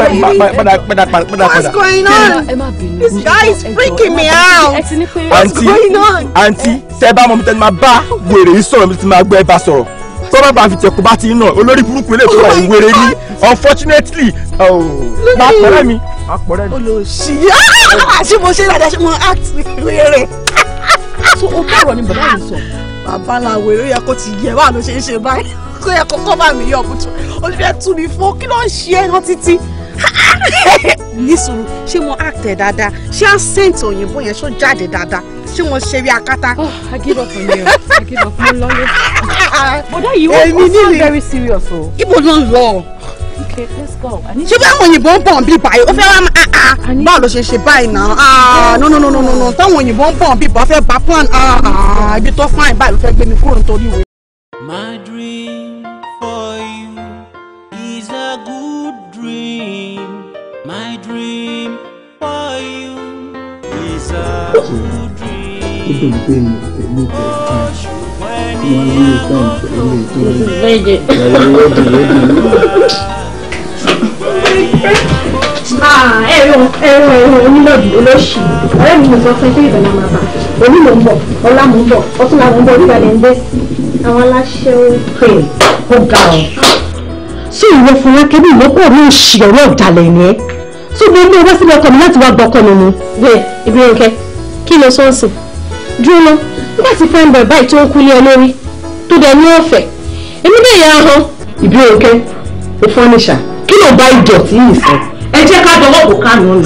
padà padà padà. what's going on this guy is freaking me out. what's going on. àǹtí àǹtí tẹ́ bá mọ̀ mi tẹ́ ni máa bá wèrè yìí sọ̀rọ̀ mi ti máa gbọ́ ẹ bá sọ̀rọ̀ tọ́rọ̀ bá fi tẹ̀kọ́ bá ti ń nà olórí burúkú ilé ìfowópamọ́ ìwéré ní unfortunately oh, má pọ̀rẹ́ mi. olùsí ah! ṣé mo ṣe dáadáa mo act rere. so o kí ọ̀rọ̀ ni bàbá mi sọ. bàbá la wèrè yẹ kó ti yẹ wà ló ṣe é ṣe báyìí kó yẹ kó kọ́ bá mi yọ ọ̀bùtù olùfẹ́ tún ní fún kí ló ń ṣe é lọ títí. ní ṣé mo act dáadáa ṣé accent òyìnbó yẹn ṣó jáde dáadáa ṣé mo ṣe bí akátá. Ah, I give up on you I give up mo lọlé. bọ́dá yìí wọ́n sound very serious o. Oh. ibo ló ń lọ. okay let's go. ṣé bí àwọn òyìnbó ń bọ̀ ń bí báyìí ó fẹ́ wá máa ah, ah. báwo ló ṣe ṣe báyìí náà no no no no no táwọn òyìnbó ń bọ̀ ń bí báyìí ó fẹ́ bá plan ibi tó fine báyìí ó fẹ́ gbé mi kúrò nítorí ìwé. ó dùn pé mo tẹ̀lé tẹ̀lé wọn ní ìta ìpẹ̀lú ètò rẹ̀ ìyàwó wẹ́dì wẹ́dì ní. ẹ̀rọ ẹ̀rọ ẹ̀rọ onílọ̀dì olóṣì ọ̀rẹ́ mi sọ fún ẹgbẹ́ ìbẹ̀rẹ̀ àmàbà òní mò ń bọ̀ ọlá mò ń bọ̀ ọtún làwọn ń bọ̀ nígbà lẹ́ ń gbé sí àwọn aláṣẹ òkè ó ga ọ. sí ìwọ fúnra kẹ́bí ìlọ́pọ̀ mi ò ṣì ọ̀rọ̀ ọ̀dàlẹ̀ ni ẹ́ tó gbé ilé ẹgbẹ́ sílẹ̀ ọkọ mi láti wá gbọ́kọ́ mi mu. bẹ́ẹ̀ ibi yẹn kẹ́ kí ló sọ ń sìn dúró lọ nígbà tí prime boy báyìí tó ń kúlé ẹ lórí tó dẹ ní ọ̀fẹ́ èmi bẹ́ẹ̀ yà á hàn. ìbéèrè kẹ́ o fọ́nìṣà kí ló bá ìdọ̀tí yìí sọ. ẹ jẹ́ ká dọwọ́ kó kánú ni.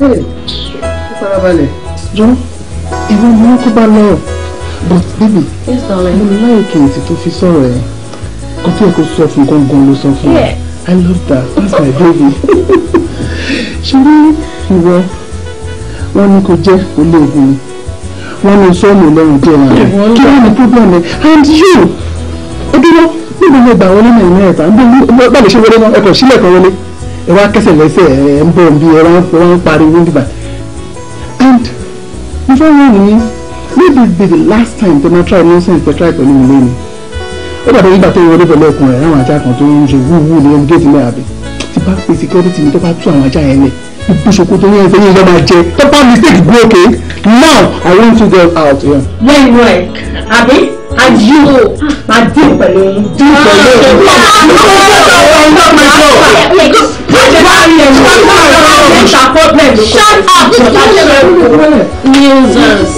ó farabalẹ̀ jọ ìwé ni wọ́n kó bá lọ́rọ̀ but baby mo ní láyé kìrìtì tó fi sọ̀rọ̀ ẹ̀ kó tí ẹ kó sọ fún gangan ló sọ fún mi i love that that's my baby ṣùgbọ́n ìwọ wọ́n ní kò jẹ́ olóògùn ni wọ́n ní sọ́ọ̀nù lẹ́yìn jẹ́ rẹ̀ kí wọ́n ní problem ẹ̀ and you ó dúró níbi mo gbà wọlé náà ìmọ̀ ẹ̀ta níbi bá lè ṣe wọlé náà ẹ̀kọ́ sílẹ̀ kan wọlé ẹ̀ wá kẹsẹ̀ lẹ́sẹ̀ ẹ̀ ń bọ̀ bí ẹ̀ wọ́n pariwo nígbà and mo fẹ́ wọ́n ní maybe be the last time they ma try nonsense they try pẹ̀lú mi lónìí ó dàbí nígbà tó wọlé pẹ̀lú ẹ̀kún rẹ̀ àwọn ajá kan tó ń ṣe wúwú ní ẹni géètì mẹ́àbí ti bá pe security mi tó bá tú àwọn ajá yẹn lẹ̀ ìgbésòkò tó yẹn fẹ́yìn lọ́ọ́ máa jẹ tọ́pá mistake gbé òkè now i want to get out. lẹ́yìn náà ẹ̀ àbí àyí o máa dín pẹ̀lú ohun. dín pẹ̀lú ohun. Shut up! Nuisance.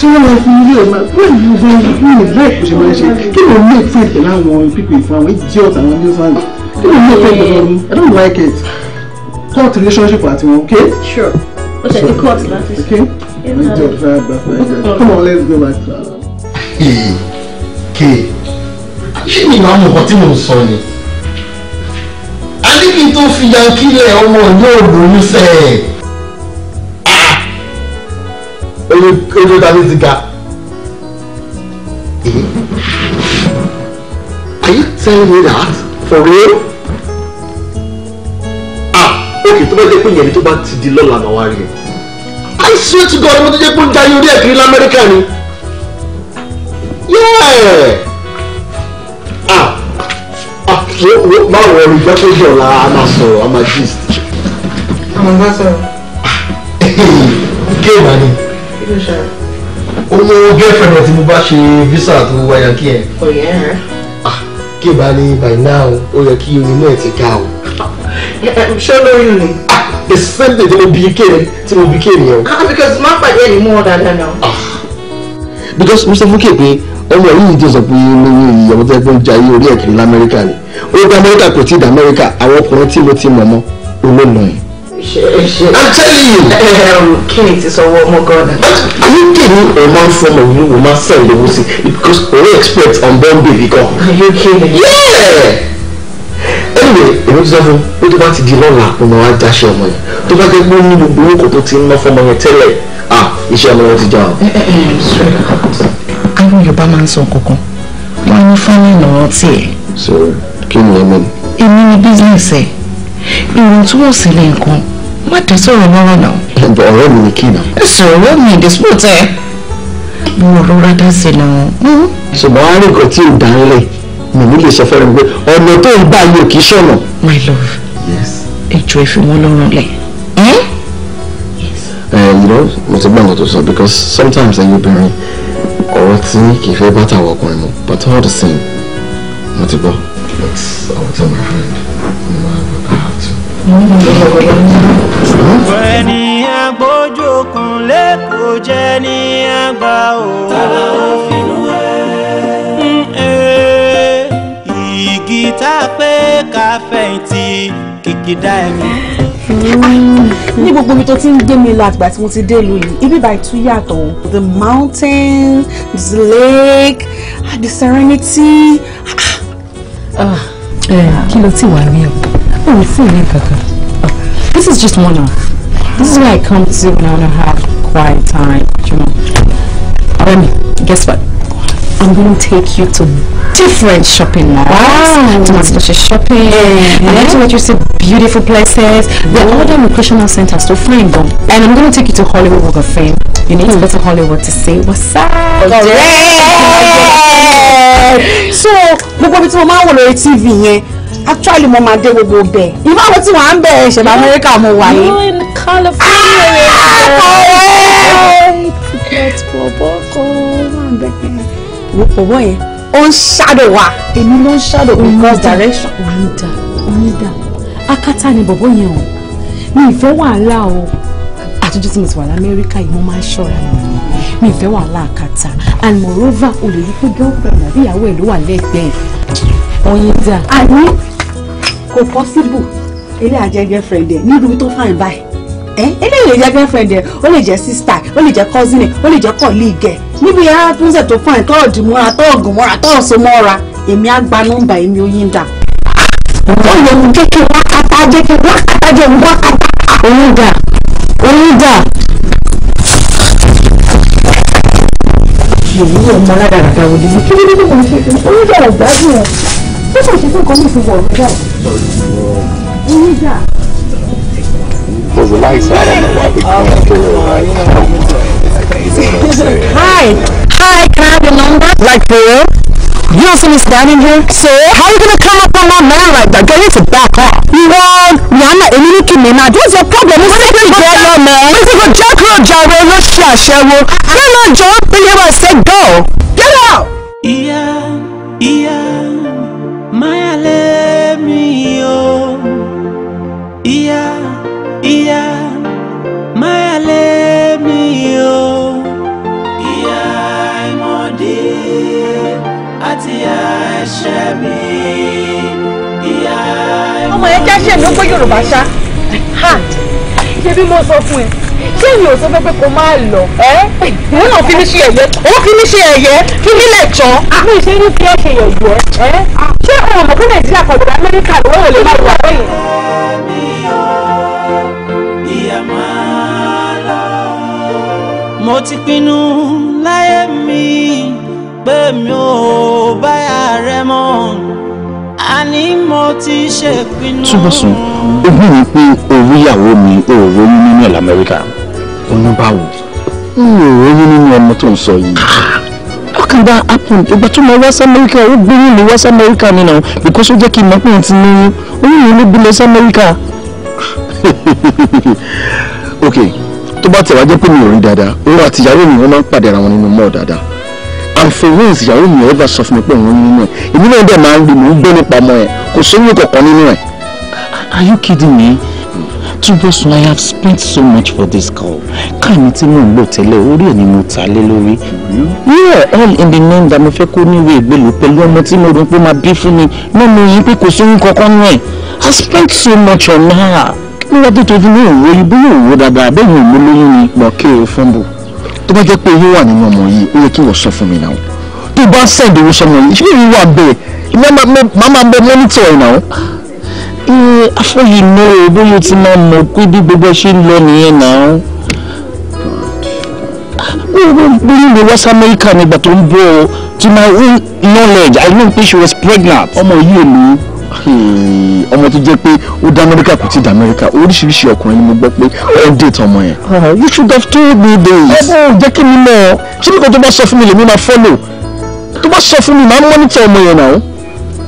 tí wọ́n lọ fún ilé ọ̀la wọ́n yìí ló ń bí ìlú láìpẹ́ ṣe máa ń ṣe kí ló ń make faith pẹ̀lú àwọn pípé fún àwọn ìjẹ́ ọ̀tá àwọn new zealand you don't make sense I don't like it. Court relationship àti wọn, okay? Sure. Ó ṣe ní court láti Okay? Come on, let's go back to our. Ké ṣé mi máa mọ nǹkan you mò ń sọ ni? Alíbi tó fi yankílẹ̀ ọmọ yóò lóyún ah! eh? Are you telling me that? for real ah okay. tó bá jẹ́ pé yẹn tó bá ti di lọ́la màá wá rí ẹ i swear to god mo tó jẹ́ pé ń jayé orí ẹ̀ kiri lamẹ́ríkà ni yeah ah ah wo wo má wọ orí gbọ́ pé jọ̀la a máa sọ̀rọ̀ a máa gist. àwọn bá sọ̀rọ̀. géèmà ni owó girlfriend tí mo bá ṣe visa tó wáyà kí ẹ. kò oh, ẹ kí bá ní by now ó yẹ kí orin náà ti ga o. ṣé lóyún ni. Ah, the same thing tí mo bí kéde tí mo bí kéde yẹn. Ah, because má pàdé ẹni mú ọ dáadáa náà. Ah, because mo sọ fún kéde ọmọ yìí ti sọ pé lórí ìyàwó tẹ́ fún jayé orí ẹ̀kiri lamẹ́ríkà ni ó gba amẹ́ríkà kò tí ì dá amẹ́ríkà àwọn ọkùnrin tí mo ti mọ̀ mọ́ olóòlù yìí. I'm telling you. Kí ni ti sọ̀wọ́ ọmọ gan-an? Ayé kìíní ọmọ ń fọmọ yìí wò máa sàn lówó sí because òun on born baby gan. Ayé kìíní. Anyway, èmi ti sọ fún pé tó bá ti di lọ́la ọmọ wa jáṣẹ ọmọ yẹn. Tó bá jẹ́ pé ó ní gbogbo owó kan tó ti ń ná fọmọ yẹn tẹ́lẹ̀, ah iṣẹ́ ọmọ yẹn ti já o. I'm your bad ń sọ kankan, wọ́n á ní fọ́nrán ìnáwó tiẹ̀. Sọ kí ni ẹ mọ̀? Èmi ni bísíǹsì ẹ̀ ìwọ̀ntúnwọ̀nsì lè nǹkan má dá sọ̀rọ̀ lọ́rọ̀ náà. ọ̀dọ̀ ọ̀rẹ́ mi ni kí ẹ sọ̀rọ̀ ọ̀rẹ́ mi ìdìsípò tẹ. mo wọ rọra dá sí náà. Hmm? ṣùgbọ́n àárẹ̀kọ̀ tí ò dánlẹ̀ mèmí lè sọ fẹ́ràn pé ọ̀nà tó ń gbà yóò kì í ṣọ̀nà. my love ẹjọ ẹ fi wọn lọ́rùn lẹ̀. Hmm? Eh, you know mo ti gbà wọn tó sọ because sometimes ẹ̀yin obìnrin ọ̀rọ̀ tí kì í fẹ́ bá tàwọn ọkùnrin mu but all the same mo ti gbọ́. but I will my friend ẹni agbójú kan lẹ́kọ̀ọ́ ní gbogbo ibi tó ti ń gbé mi lágbà tí mo ti dé ìlú yìí ibi báyìí tún yàtọ̀ the mountains the lake the serenity. kí ló ti wà ní ọ̀pọ̀. Oh, it's silly, Kaka. this is just one hour. This is where I come to when I want to have quiet time, you know. Um, guess what? I'm going to take you to different shopping malls. Wow. To Maslocha shopping. Yeah. i want you to let you see beautiful places. There are other recreational centers to find them. And I'm going to take you to Hollywood Walk of Fame. You need to go to Hollywood to say what's up. So, look what we mo máa ń wò lórí TV actually mo máa dé gbogbo bẹ̀ ìfọ àwọn tí wọ́n á ń bẹ ṣẹlẹ̀ Amẹ́ríkà mo wà yìí. you in California. Ah, ọwọ́ yẹn ó ń shadow wa èmi ló ń shadow because direction. onídà onídà akátá ni bọ̀bọ̀ yẹn o mi ìfẹ́ wàhálà o àtúntò tí mo ti wà lamẹ́ríkà yìí mo máa ń ṣọ́ra mi ìfẹ́ wàhálà àkàtà and moreover o lè rí pé girlfriend àbí ìyàwó ẹ̀ ló wà lẹ́gbẹ̀ẹ́ oyin dà. àní kò possible eléyà jẹ́ girlfriend ẹ̀ nílùú tó fàìn báyìí eléyà lè jẹ́ girlfriend ẹ̀ ó lè jẹ́ sister ó lè jẹ́ cousin ẹ̀ ó lè jẹ́ colleague ẹ̀ níbi arákùnrin tó fàìn tó ọ̀dì mọ́ra tó ọ̀gùn mọ́ra tó ọ̀sọ́ mọ́ra èmi á gba nọ́mbà èmi oyin dà. ọ̀rọ̀ mi kékeré wákàtá jẹ́ kí wákàtá jẹ́ wákàtá oyin dà oyin dà. kí ló dé kí mo ṣe oyin dà ọ̀gbádùn ẹ̀. ó Hi, hi. Can I have your number? Like for real? You don't see me standing here? So, how you gonna come up on my man like that? Get him to back off. Well, Rihanna, Emily Kimena, what's your problem? What's it going to go, man? What's it going to jack road, jack road, rush, shash, shash, shash, shash, shash, shash, shash, shash, shash, shash, shash, shash, shash, shash, shash, shash, yorùbá ṣá ṣe bí mo sọ fún ẹ ṣé mi ò sọ pé kó máa lọ. ìwé náà fi mí ṣe ẹ̀yẹ ó fi mí ṣe ẹ̀yẹ kí mi lè jọ. àmì ìṣe ní kí ọ ṣe yọ̀gbọ́ ẹ ṣé àwọn ọmọ fún nàìjíríà kan lọ́dọ̀ amẹ́ríkà lọ́wọ́ ò lè má wà lẹ́yìn. mo ti pinnu láyé mi pé mi ò báyà rẹ mọ́ àní mo ti ṣèpinnu. túbọ̀sùn ó hàn mí pé òru ìyàwó mi ò róyún nínú ẹ̀ lamẹ́ríkà oyún báwo n ò róyún nínú ọmọ tó ń sọ yìí. how can that happen ìgbà tó lọ wá sí amẹ́ríkà ó gbóyún lè wá sí amẹ́ríkà nínú àwọn because ó jẹ́ kí n mọ̀ pé n ti ní oyún mi ló bí lọ sí amẹ́ríkà. ok tó bá tẹ̀ wá jẹ́ pé mi ò rí dáadáa òun àti mi wọ́n máa ń pàdé ara wọn nínú mọ́ọ̀ dáadáa and for ìyàwó mi ò sọ fún mi pé òun nínú ẹ̀ èmi náà dẹ̀ máa ń rí ń gbé nípa ọmọ ẹ̀ kò sóyún kankan nínú ẹ̀. are you kidding me? Túbọ̀sùn I have spent so much for this girl. Káàmì tí mò ń lò tẹ́lẹ̀ orí ẹ̀ ni mo ta lé lórí. Yeah, all in the name that mo fẹ́ kó níwèé ìgbèlú pẹ̀lú ọmọ tí mo rò pé máa bí fún mi náà mo yí pé kò sóhun kankan nù ẹ̀. I spent so much on her. Kí ló wá dé tó fi ní òwò ibú yóò wó dáadáa bẹ́ẹ̀ ni òun lóyún ni. Bọ̀ kí o fún bò tó bá jẹ́ pé owó wà nínú ọmọ yìí ó yẹ kí wọ́n sọ fún mi náà tó bá send owó sọmọ yìí ṣé ìwé wà bẹ́ẹ̀ máa máa bẹ mọ́nítọ̀ ẹ̀ náà. afọyín ní o bóyá o ti máa mọ̀ pé bí gbogbo ẹ ṣe ń lọ nìyẹn náà bóyá ìwé west America nígbà tó ń bọ̀ to my own knowledge I know pé she was pregnant. ọmọ yìí ò lóyún. Hmm, ọmọ tó jẹ́ pé ó dá amẹ́ríkà kò tí ì dá amẹ́ríkà oríṣiríṣi ọkùnrin ni mo gbọ́ pé ó ń date ọmọ yẹn. Ah, you should have told me this. ẹ bó jẹ́ kí mi mọ̀ ọ́ ṣé nǹkan tó bá sọ fún mi lèmi máa follow tó bá sọ fún mi máa monitor ọmọ yẹn náà.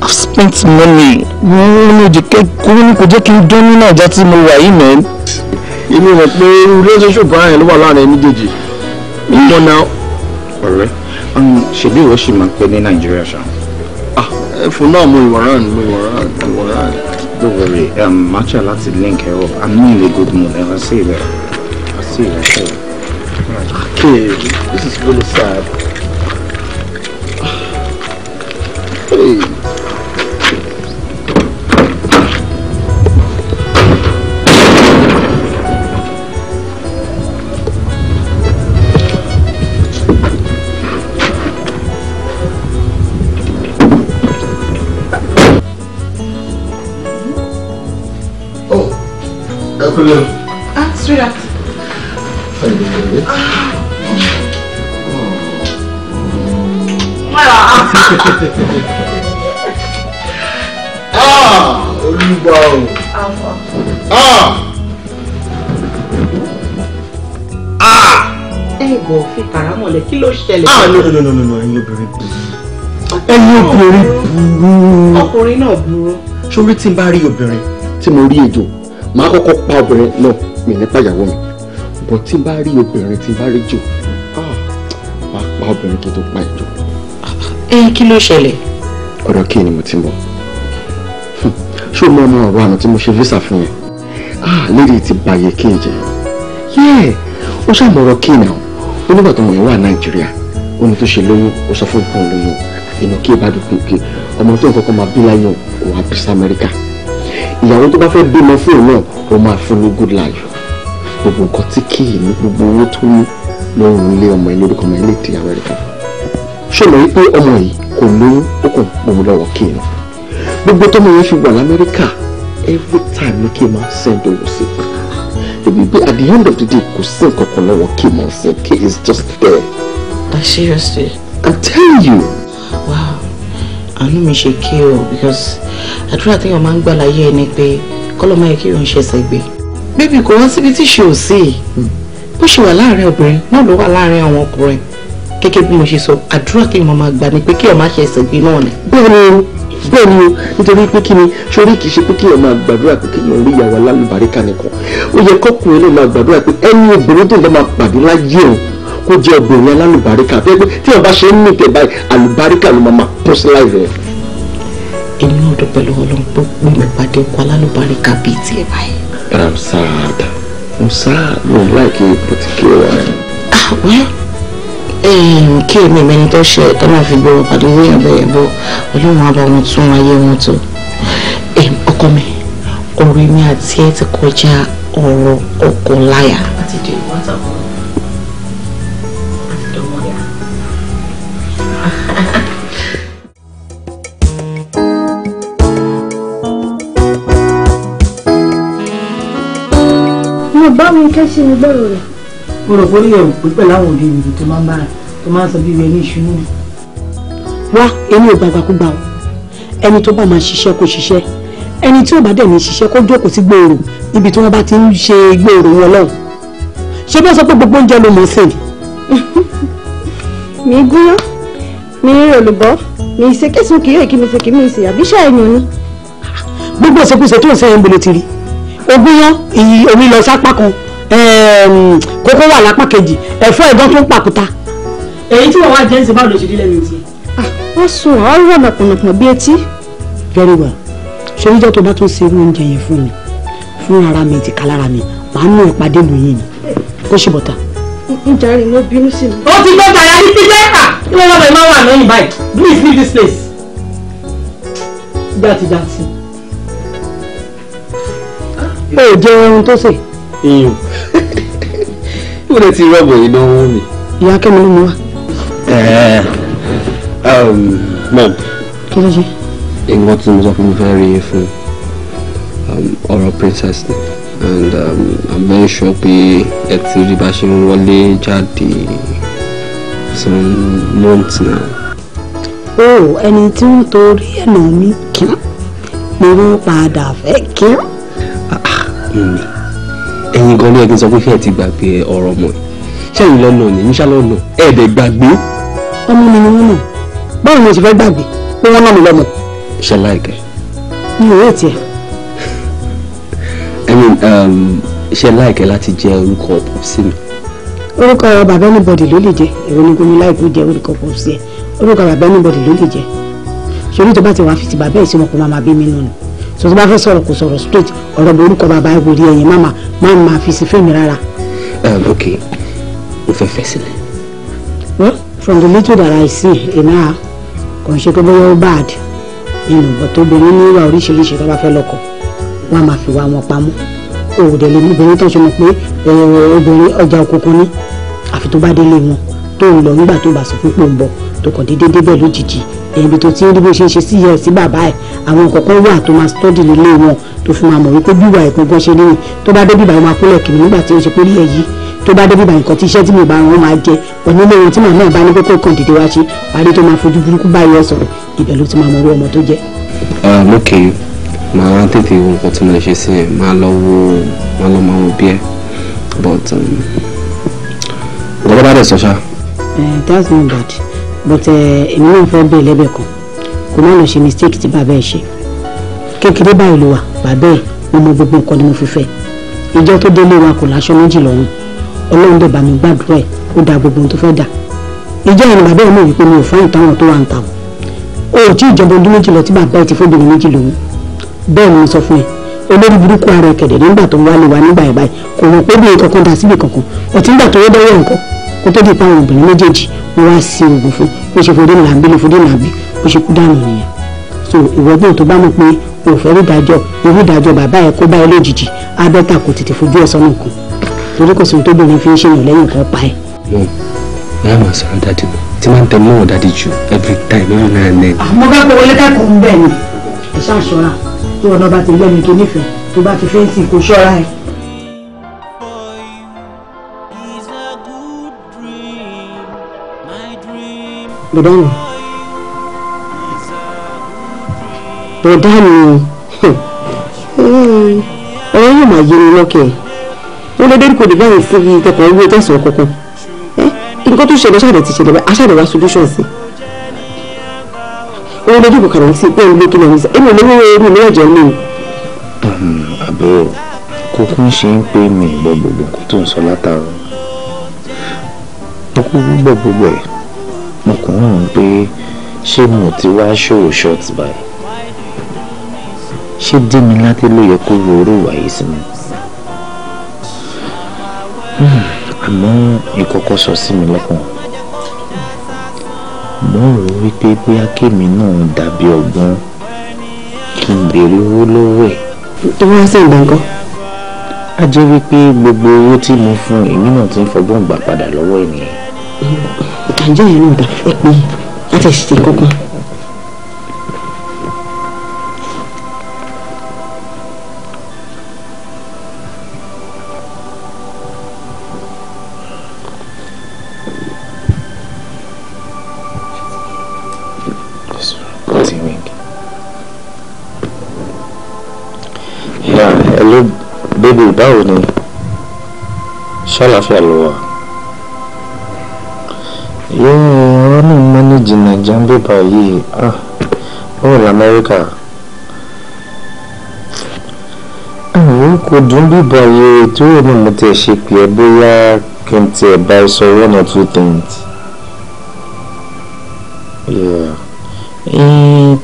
I've spent money. wọ́n ní òjì kẹ́kọ̀ọ́ kò jẹ́ kí n dún nínú àjà tí mo wà yìí mẹ́. èmi rẹ̀ pé relationship ara yẹn ló wà láàrin ẹni jèjì. ìmọ̀ náà. ọ̀rẹ́ um, ṣèbí ìwé ṣì máa ń pẹ́ ní nàìjíríà ṣáà fún náà mo ìwọ̀ràn mo ìwọ̀ràn mo ìwọ̀ràn. don't worry um, matcha láti link her up i'm in a good mood and i see that i see that too. okay this is really sad. hey. problem? Ah, sweetheart. Fine, baby. Ah, olúwa o. Ah. Ah. Ẹ̀gbọ́n fi tàrámọ̀lẹ̀ kí ló ṣẹlẹ̀? Ah, no, no, no, no, no, ẹ̀yin obìnrin burú. Ẹ̀yin obìnrin burú. Ọkùnrin náà burú. Ṣorí tí n bá rí obìnrin tí mo rí ejò màá kọ́kọ́ pa obìnrin náà mi nípa ìyàwó mi bọ̀ tí n bá rí obìnrin tí n bá rí jù ah, màá pa obìnrin kí n tó pa ìjọ. ẹ kí ló ṣẹlẹ̀. ọ̀rọ̀ kí ni mo ti ń bọ̀ ṣé o mọ ọmọ ọ̀rọ̀ àná tí mo ṣe visa fún yẹn ah, lérí ti bàyè kí n jẹ yẹ́ẹ̀ ó ṣàmọ̀rọ̀ kí ni àwọn onígbà tó mọ̀ ẹ́ wà nàìjíríà oní tó ṣe lóyún ó sọ fún ìpọ́n lóyún inú kí ìbádùn kìkì ọmọ tó ń kọ́kọ́ máa bí láyọ̀ wà bí sí ìyàwó tó bá fẹ́ bímọ fún òun náà ó máa fún ní good life gbogbo nǹkan tí kì í ní gbogbo owó tó ní lóhùn ilé ọmọ ẹ lórúkọ ọmọ ẹ lè ti amẹ́ríkà ṣé mo rí pé ọmọ yìí kò lóyún ó kàn gbòmù lọ́wọ́ kí n gbogbo tọmọ yẹn fi wà lamẹ́ríkà every time ni kí n máa send owó sí ibi pé at the end of the day kò sí nǹkan kan lọ́wọ́ kí n máa send kí is just there. But seriously. I'm telling you. Wow àánú mi ṣe kí o because àdúrà téèyàn máa ń gbà láyé ẹni pé kọ́lọ́mọ yẹ kí òun ṣẹ̀ṣẹ̀ gbé bébì kò wá síbi tí ṣe ò sí bó ṣe wà láàrin obìnrin náà ló wà láàrin àwọn ọkùnrin gẹ́gẹ́ bí mo ṣe sọ àdúrà kí mo máa gbà ni pé kí ọmọ ṣẹ̀ṣẹ̀ gbé náà ni. bẹ́ẹ̀ni o bẹ́ẹ̀ni o nítorí pé kí ni sórí kì í ṣe pé kí ọmọ gbàdúrà pé kí ọmọ rí ìyàwó alálùbáríkà nìkan ó yẹ kọ́kùnrin náà máa gbàdúrà pé ẹni obìnrin tó lọ́ máa pàdé láyé kó jẹ́ obìnrin alálùbáríkà fẹ́ pé tí wọ́n bá ṣe ń mú ìtẹ̀ báyìí àlùbáríkà ló máa máa pọ̀ sí láìpẹ́. èmi náà dúpẹ́ lọ́wọ́ ló ń pọ́ pé mi pàdé ọkọ alálùbáríkà bíi tiẹ̀ báyìí. i'm sad i'm sad mo like it but kí o wà. àwẹ́ ah, eh, kí èmi mẹni tó ṣe ẹ̀ tó máa fi gbọ́ pàdé owó yàgbẹ́yàgbọ́ ọlọ́run á bá wọn tún ayé wọn tó eh, ọkọ mi ọ̀rẹ́ mi àti ẹ ti kọjá ọ̀rọ̀ ọkọ láyà. láti dé wọ́n tàbí. báwo kẹ́ ṣe ní gbọ́rọ̀ rẹ̀. mo rò bórí ẹ̀rù pé pẹ̀lú òde ìrìnàjò tó máa ń bára tó máa ń sọ bí ẹni iṣu nínú. wá èmi ò gbàgbà kú gbà o ẹni tó bá máa ṣiṣẹ́ kó ṣiṣẹ́ ẹni tí ò bá dẹ̀ ní ṣiṣẹ́ kó jókòó sí gbòòrò níbi tí wọ́n bá ti ń ṣe gbòòrò wọn lọ́hùn. ṣé bẹ́ẹ̀ sọ pé gbogbo oúnjẹ ló mọ̀ sí i. mi gúnyán mi olùbọ́ mi ìṣèkésùn kì í èkì mi ṣe ẹ̀yàn ni. gbogbo ìṣekúṣe tó ń sẹ́yìn bolo ti rí ogúnyán orí lọ sápá kan ehm, kókó wà lápá kejì ẹ̀fọ́ ẹ̀gbọ́n tó ń pàkúta. èyí tí wọn wá jẹ́ ń ṣe báwo ló ṣe dé lẹ́nu ti. Ah, wọ́n sùn ọ̀rọ̀ rọ̀nà pọ̀nàpọ̀nà bíi etí. very well ṣé oníjọ́ tó bá tún ṣe irú oúnjẹ yẹn fún mi fún ara mi ti kalára mi màá mú ìpàdé lóyún ni kó ṣe bọ̀tà. n jàre mo bínú sí mi. ó ti gbọ́dọ̀ yá ní pípẹ́ à ah, ìwọ́n lọ́wọ́ ẹ̀ máa wà lọ́yìn báyìí please leave this place. jàtijàti o ò jẹ ohun tó sè. iyùn ó lè ti rọ́bù yìí lọ́wọ́ mi. ìyá kẹ́mi ló mú wa. ma'am. kí ló ṣe. nǹkan tí mo sọ fún mi fẹ́ rí yín fún um, ọ̀rọ̀ princess ni and um, I'm very sure pé ẹ ti rí bá ṣe ń wọlé jáde some months now. ó oh, ẹni tí ń torí ẹ̀nà mi kí n ló padà fẹ́ kí n ẹ̀yin gan ló yẹ kí n sọ pé fẹ́ẹ̀ ti gbàgbé ọ̀rọ̀ mọ̀ ṣẹ́yìn lọ́nà ni níṣà lọ́nà ẹ̀ẹ́dẹ̀ gbàgbé ọmọ mi ni wọ́n nà báwo ni o ti fẹ́ gbàgbé pé wọ́n nà mí lọ́mọ. ṣe láìkẹ́. mi ò rèé tiẹ̀. I mean um, ṣe láìkẹ́ láti jẹ orúkọ pọ̀sí mi. orúkọ bàbá anybody ló lè jẹ èrò ní gómìnà láìpẹ́ jẹ orúkọ pọ̀sí ẹ orúkọ bàbá anybody ló lè jẹ ṣòrí tó bá ti wàá fi ti bàbá ẹ̀ sí ọmọkùnrin máa bí mi nù ni tó tó bá fẹ́ sọ̀rọ̀ kò sọ̀rọ̀ straight ọ̀rọ̀ bò orúkọ bàbá ìwòrí ẹ̀yìn má máa máa fi sí fèmí rárá. Um, ok mo fẹ́ fẹ́ sílẹ̀. well from the little that I see ina kò ń ṣe pé bóyá ó bad nínú bọ́tò obìnrin ní ìwà oríṣiríṣi tó bá fẹ́ lọ́kọ wọn a máa fi wá wọn pamọ́ òòdẹ̀ lè ní obìnrin tó ń ṣe mọ̀ pé obìnrin ọjà òkùnkùn ní àfi tó bá délé wọn tó ń lọ nígbà tó bá sọ fún pòǹbọ tó kàn déédéé débẹ̀ lójijì ibi tó ti ń rí bó ṣe ń ṣe sí yẹ sí bàbá ẹ̀ àwọn kọ̀ọ̀kan wà tó máa stọ́dì nílé wọn tó fi máa mọ̀ wípé bíwà ẹ̀kan gan ṣe níyìn tó bá dé bíbà yẹn máa kúlẹ̀ kìnnì nígbà tí ó ṣe pé nílẹ̀ yìí tó bá dé bíbà nǹkan tí iṣẹ́ tí mo bá wọn máa jẹ ọ̀nà ilé wọn tí màmá ẹ̀ bá ní kókó kan dìde wá ṣe parí tó máa fojú burúkú báyìí ẹ̀ sọ̀rọ̀ ibẹ̀ ló ti máa mọ orí ọmọ tó jẹ́. lókè ah, yìí but um, nǹkan tó bá dẹ̀ sọ ṣá. Eh, that's but eh, èmi náà fẹ́ bẹ́ẹ̀ lẹ́bẹ̀ kan kò má lọ ṣe mistake tí bàbá ẹ̀ ṣe kékeré báyìí ló wà bàbá ẹ̀ mo mọ gbogbo nǹkan ni mo fi fẹ́ ìjọ tó délé wa kò láṣọ méjì lọ́rùn ọlọ́run dẹ̀ bá mi gbàdúrà ẹ̀ ó da gbogbo ohun tó fẹ́ dà ìjọ yẹn ni bàbá ẹ̀ mọ̀ wípé mi ò fáyìn táwọn tó wà ń ta o ò tí ìjọba ọdún méjì lọ tí bàbá ẹ̀ ti fóbìnrin méjì lòun bẹ́ẹ̀ ni mo sọ fún ẹ olórí burúkú ara ẹ̀ kẹ̀dẹ̀ nígbà tó ń wálé wa nígbà ẹ̀ báyìí kò rò pé bí nǹkan kan dà síbi kankan ọ̀tí nígbà tó yẹ dọ́wọ́ nǹkan kó tó di pa àwọn obìnrin méjèèjì mo wá sí oògùn fún mo ṣe fòdé nàbí mo fòdé nàbí mo ṣe kú dànù nìyẹn so ìwọ tó bá mọ̀ pé o rí ìdájọ́ irú ìdájọ́ bàbá ẹ̀ kó bá lójijì abẹ́ta kò tètè fojú ẹ̀ sọ́nà kan torí kò sóhun tóbìnrin fi ń ṣèyàn lẹ́yìn kan pa ẹ̀. mo máa sọ̀rọ̀ dáadé mi tí máa ń tẹ mọ́ ọ̀dàdì jù every time every now and then. mo bá pe wọlé kẹ́kọ̀ọ́ ń bẹ̀ ni. ìṣàṣọ́ra tó ọ̀nà bá ti lẹ́nu tó nífẹ̀ẹ́ tó bá ti fẹ́ǹsì kò ṣọ́ra ẹ̀ bọ̀dá mi ni, mi ọ̀rọ̀ yóò máa yé mi lọ́kẹ̀ wọ́n lé dẹ́rù kò lè báyìí síbi ìtẹ̀kọ̀ owó tẹ̀sán kankan nǹkan tó ṣẹlẹ̀ ṣàdẹ̀ ti ṣẹlẹ̀ aṣáàdẹ̀ wá solution sí wọ́n lé dẹ́rù kàrọ̀ sí pé ìlú kìlọ̀ ọ̀hún sí èmi ò lówó èmi ò lọ́jọ́ mi. àbúrò kókó ń ṣe ń pè mí gbọ́ gbogbo nǹkan tó ń sọ látàrọ kókó gbọ́ ẹ̀ mo kàn ń rò pé ṣé mo ti wá ṣòwò short by ṣé Démiládé ló yẹ kó ro oró ìwà yìí sí mi hmm, àmọ́ ìkọ̀kọ̀ sọ sí mi lọ́kàn mo rò wípé bóyá kémi náà dàbí ọgbọ́n kí n béèrè owó lọ́wọ́ ẹ̀. tó wá sí ìgbọ̀ngàn. a jẹ́ wípé gbogbo owó tí mo fún èmi náà ti ń fọgbọ́n gbà padà lọ́wọ́ ènìyàn. Hmm ìjọ yẹn náà dá ẹ pé láti ṣe kankan. Yeah, hello baby, báwo ni? Ṣàlàáfíà ló wà. ń dé báyìí ah, báwo ni amẹ́ríkà àwọn ah, kò dùn bí báyìí tí ó ní mo tẹ̀ ṣe pé ẹ bóyá kí n tiẹ̀ bá ẹ sọ one or two things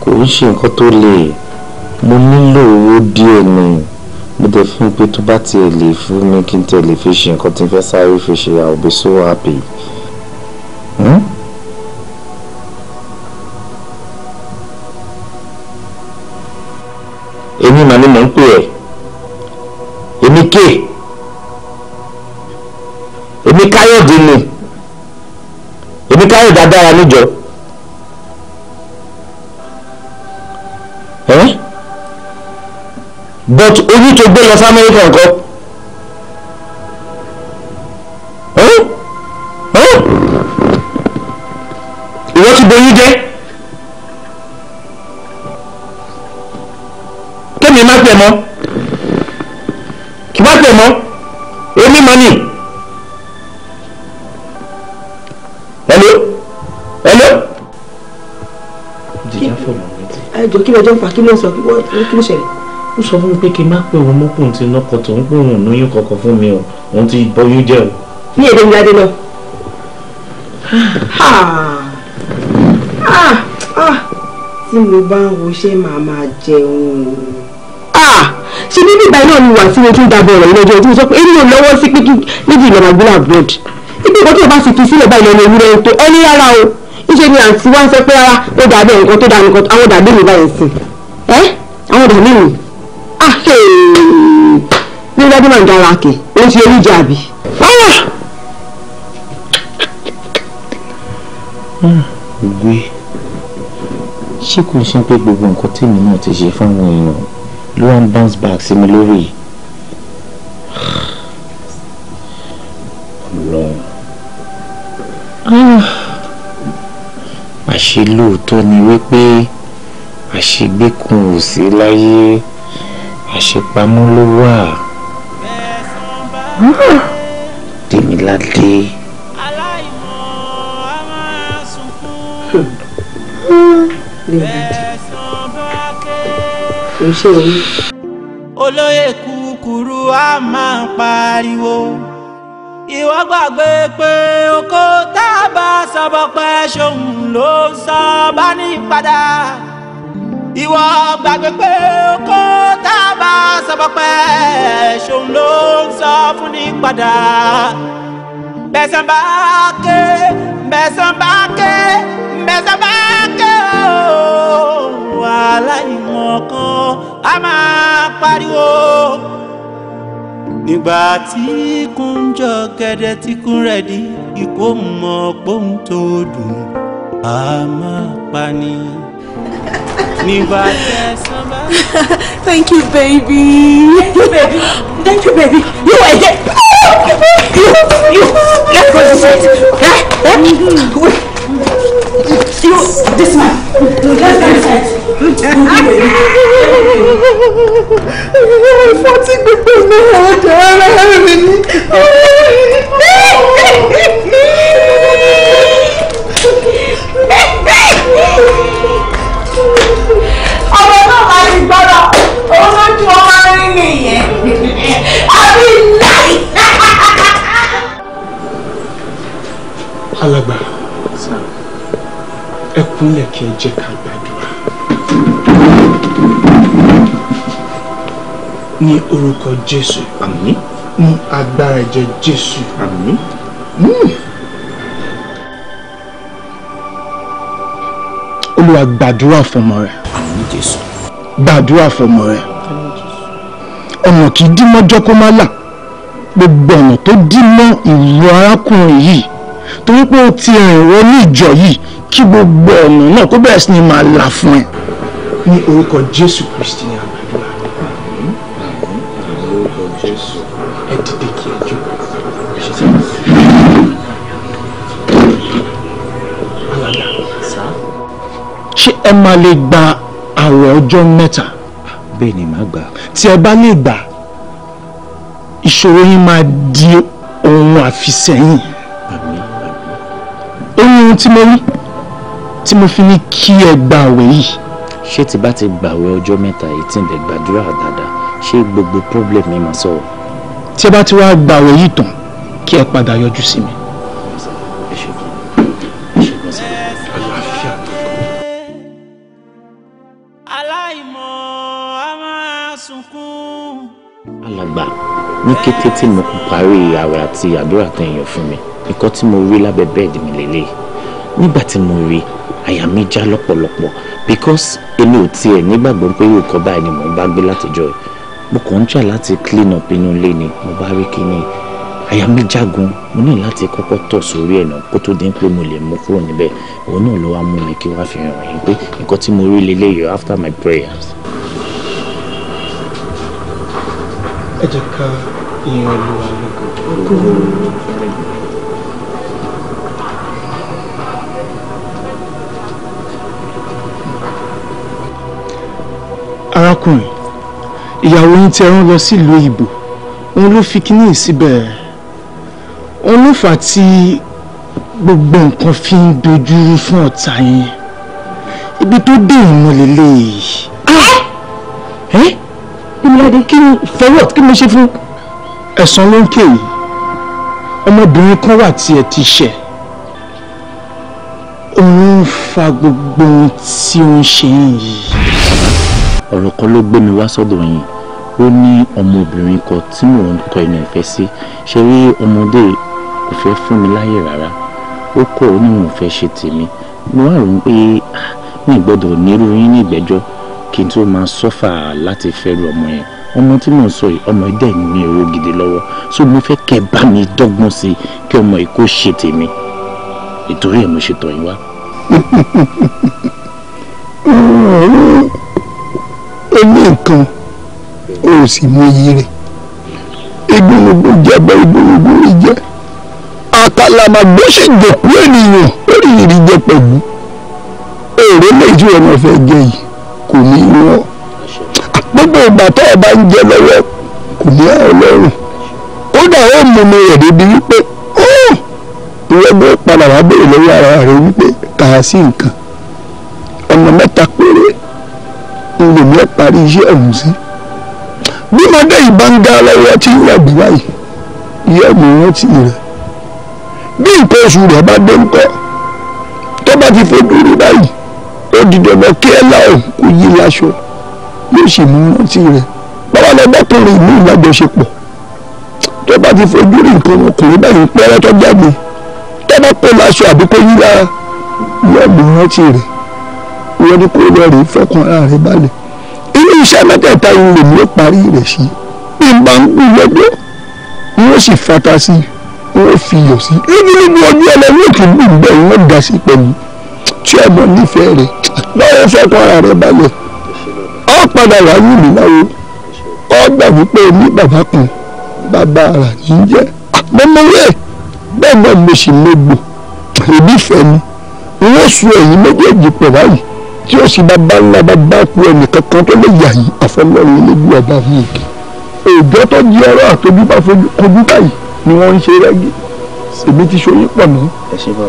kò ń ṣe nǹkan tó le mo nílò owó díẹ̀ ni mo dẹ̀ fún pé tó bá tiẹ̀ lè fún mi kí n tiẹ̀ lè fi ṣe nǹkan tí n fẹ́ sáré fi ṣe I will so happy. káyọ̀dé ni èmi káyọ̀dé adára níjọ but oyún tó gbé lọ sí amẹ́ríkà nǹkan. lọ́jọ́ ń pa kí ló ń sọ kí ló ṣẹlẹ̀. ó sọ fún mi pé kí n má pè òun mọ́ pòun ti lọ́kọ̀ tó ń pè òun lóyún kankan fún mi o òun ti bọ́yún jẹ́ o. ní èdè mi ládé lọ. tí mo bá ń wo ṣé màá máa jẹun ṣe ní bíbá náà ni wà tí mo tún dábọ̀ rẹ̀ lọ́jọ́ tí mo sọ pé èmi ò lọ́wọ́ sí pé kí méjì ìlànà gbé abroad ibi ìkọ́tí ò bá sì fi sílẹ̀ báyìí lọ́nà ewúrẹ́ ń pé ẹni rárá o ṣe ni àǹtí wá ń sọ pé ara ó dàbí nǹkan tó dà nǹkan àwọn dàbí mi báyìí sí ẹ àwọn dàbí mi ní ah, lọ́dún máa ń dára kè ó ń ṣe oríjì àbí. Ah! Hmm. gbogbo ṣé kò ṣe pé gbogbo nǹkan tèmi náà ti ṣe fáwọn èèyàn ló wá ń bounce back sí mi lórí yìí. Ah ṣe lóòótọ́ ni wípé àṣegbékun ò sí láyé àṣepamọ́ ló wà. Tèmiládé. olóyè kúkúrú a máa pariwo ìwọ gbàgbé pé oko tá a bá sọ̀bọ̀ pẹ́ ṣòun ló ń sọ bá ní padà ìwọ gbàgbé pé oko tá a bá sọ̀bọ̀ pẹ́ ṣòun ló ń sọ fún ní padà bẹ̀sán bá ké bẹ̀sán bá ké bẹ̀sán bá ké ooo wàhálà ìmọ̀ kan a máa pariwo nígbà tí kún jọ gẹ́dẹ́ tí kún rẹ̀ di ipò mọ̀ pòun tó dùn á máa pa ni. nígbà tẹ̀sán bá. thank you baby. thank you baby. thank you baby. you were there. you you. that was it. You, this man. Let's go inside. Forty gbogbo náírà ọjà ara mi ni. Ọmọ náà máa ti gbọ́dọ̀, òun ló ju ọmọ rìn nìyẹn. Àbí láì. Alàgbà kúnlẹ̀ kí ẹ jẹ́ ká gbàdúrà. ní orúkọ jésù. àmín. ní agbára ẹ̀jẹ̀ jésù. àmín. Hmm. olúwa gbàdúrà fọmọ rẹ. àmín jésù. gbàdúrà fọmọ rẹ. àmín jésù. ọ̀nà kì í dín mọ́jọ́ kó má là gbogbo ọ̀nà tó dín mọ́ ìlú arákùnrin yìí torí pé ó ti rìn wọnú ìjọ yìí kí gbogbo ọ̀nà náà kó bẹ̀rẹ̀ sí ni máa là fún ẹ. ní orúkọ jésù kristi ni àgbàdua ẹ dìde kí ẹ jó. ṣé ẹ máa lè gba àwẹ̀ ọjọ́ mẹ́ta. bẹ́ẹ̀ ni màá gbà. tí ẹ bá lè gbà ìṣòro yín máa di ohun àfisẹ́yìn. àmín àmín. tí mo rí tí mo fi ní kí ẹ gba àwẹ̀ yìí. ṣé tí bá ti gbàwẹ̀ ọjọ́ mẹ́ta yìí tí ń bẹ̀ gbàdúrà dáadáa ṣé gbogbo problem mi máa sọ̀rọ̀. tí ẹ bá ti wá gbàwẹ̀ yìí tán kí ẹ padà yọjú sí mi. alàgbà ní kété tí mo parí àwẹ̀ àti àdúrà tẹ̀yàn fún mi nǹkan tí mo rí lábẹ́ bẹ́ẹ̀dì mi lélẹ̀ nígbà tí mo rí àyà mi já lọ́pọ̀lọpọ̀ because èmi ò tiẹ̀ nígbàgbọ́ pé nǹkan báyìí ni mò ń bá gbé látijọ́ yìí mo kàn ń jà láti clean up inú ilé ni mo bá rí kinní àyà mi jágun mo ní láti kọ́kọ́ tọ̀ sórí ẹ̀ náà kó tó dín pé mo lè mú kúrò níbẹ̀ òun náà ló wá mú mi kí wá fi hàn yín pé nǹkan tí mo rí leléyìí after my prayers. ẹ jẹ́ ká ìyẹn olúwa lóko. arákùnrin ìyàwó yín tí ẹ rán lọ sílùú ìbò òun ló fi kíní síbẹ̀ òun ló fà á tí gbogbo nǹkan fi ń dojúrú fún ọ̀tá yín ibi tó dé ìmọ̀ lélẹ́yìí. ẹ́ ìmọ̀lẹ́dẹ̀ kí ni fẹ́wọ̀ kí mo ṣe fún. ẹ̀sán ló ń ké yìí ọmọbìnrin kan wà tí ẹ ti ṣẹ̀ òun ń fa gbogbo ohun tí ó ń ṣe yìí ọ̀rọ̀ kan ló gbé mi wá sọ́dọ̀ yìí ó ní ọmọbìnrin kan tí mò ń kọ ẹnu ìfẹ́ sí ṣe rí ọmọdé kò fẹ́ fún mi láyè rárá ó kọ̀ ó ní òun fẹ́ ṣe tèmi mo wá rò ó pé mi gbọ́dọ̀ nírú yín ní ìgbẹ́jọ́ kí n tó máa sọ́fà láti fẹ́rù ọmọ yẹn ọmọ tí mò ń sọ yìí ọmọ ẹ̀dẹ̀ ní owó gidi lọ́wọ́ so mo fẹ́ kẹ́ bá mi dọ́gbọ́n sí i kí ọmọ yìí kó ṣe tèmi ìtorí ẹ̀ mo ṣe tọ̀ yín wá. ó ní nǹkan ó sì mú iyì rẹ̀ igúnnugún jẹ́ bẹ́ẹ̀ igúnnugún rí jẹ́ àkàlàmàgbé sì jòkú ènìyàn lórí ìrìjẹ pẹ̀lú èrè méjì ọ̀nà fẹ́ jẹ yìí kò ní í wọ́n gbogbo ìgbà tó ọba ń jẹ lọ́wọ́ kò ní àwọn ọlọ́run kódà ó mú mi rẹ̀ débi wípé ó ìrẹ́gbẹ́ padà wá béèrè lọ́wọ́ ara rẹ̀ wípé kà á sí nǹkan ọ̀nà mẹ́ta péré ìlèmí parí iṣẹ́ ọ̀hún sí bí mọ́dé yìí bá ń ga lọ́wọ́ tí ń yàgbé báyìí ìyá mi rántí rẹ̀ bí nǹkan oṣù rẹ̀ bá dé ńkọ́ tó bá ti fojú rí báyìí ó di dandan kí ẹ láò kó yí láṣọ yóò sì mú rántí rẹ̀ bàbá lọ bọ́kùnrin ìlú ìlájọṣepọ̀ tó bá ti fojú rí nǹkan ọkùnrin báyìí pẹ́rẹ́ tó jáde tó bá kó láṣọ àbí kó yí lára ìyá mi rántí rẹ̀ wọ́n ní kó lọ rí fẹ́kàn ara rẹ̀ balẹ̀ inú iṣẹ́ mẹ́tẹ̀ẹ̀ta yìí lèmi ó parí rẹ̀ sí bí n bá ń gbú lọ́dọ̀ ni sì fata sí i fi yọ̀ sí i ọdún ẹlẹ́rú òkè gbùn bẹ́ẹ̀ wọ́n dà sí pẹ̀lú tí ọmọ nífẹ̀ẹ́ rẹ̀ lọ́wọ́ fẹ́kàn ara rẹ̀ balẹ̀ ó padà wá ní ìlú náà gbà wípé ní bàbá kan bàbá ara yìí jẹ́ àpọ́nmọ́wé bẹ́ẹ̀ náà mo sì mọ gbò èbí fẹ́ ni wọ́n sun ẹ̀yìn méjèèjì pẹ̀ báyìí tí ó sì bàbá ńlá bàbá ku ẹnìkan kan tó lè yà yìí àfọlọ́run ológun ọba mi kì òjò tó di ọ̀rọ̀ àtọjúbà kojú báyìí ni wọ́n ń ṣe rẹ́gí èmi ti ṣoyún pọ̀ mọ́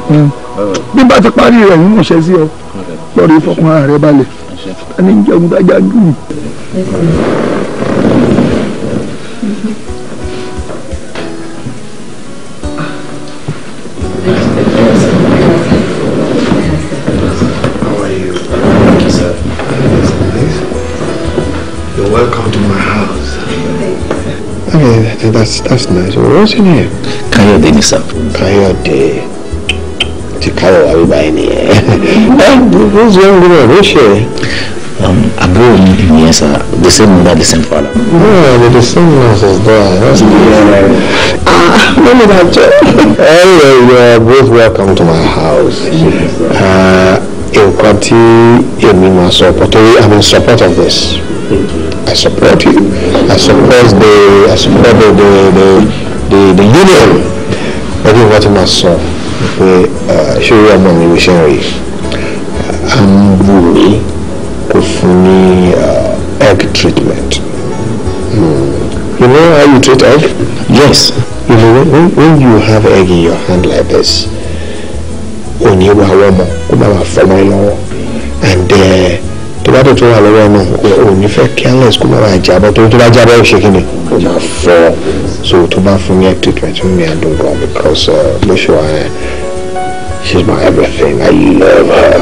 hmm. bí bá ti parí rẹ̀ ń ránṣẹ́ sí ọ lọ́ọ̀rẹ́ fọkàn ara rẹ balẹ̀ ẹni jẹun dájá dùn. Okay, that's that's nice. Well, what's your name? Kayode ni sir. Kayode. Ti Kayo wa bíbá yìí nìyẹn. Who's young woman? Who's she? Um, àbúrò mi nìyẹn sir. The same mother, the same father. Yeah, they're the same ones as that. That's yeah. Ah, no, no, no. Anyway, you are both welcome to my house. Yes. Uh, nǹkan tí èmi máa sọ pọ̀ I'm in support of this. Mm -hmm. I support you. I support the I support the the the, the, the union. Ọdún what tí màá saw pé ah, ṣé orí ọmọ mi ló ṣe ń rí à ń wù egg treatment. Mm. You know how you treat egg? Yes. You know when, when you have egg in your hand like this, ò ní wà wọ́n mọ̀ kó má wà fọmọ́ ẹ lọ́wọ́ and. Uh, àgbàdo tó wà lọ́wọ́ ẹni ò ní fẹ́ careless kó má máa jábọ́ torí tó bá jábọ́ ẹ̀ ṣe kí ni ó máa fọ́ so tó bá fún mi ẹ̀ treatment mi ẹ̀ dùn gan because bó uh, ṣe She eh, ẹ̀ she's my everything I love her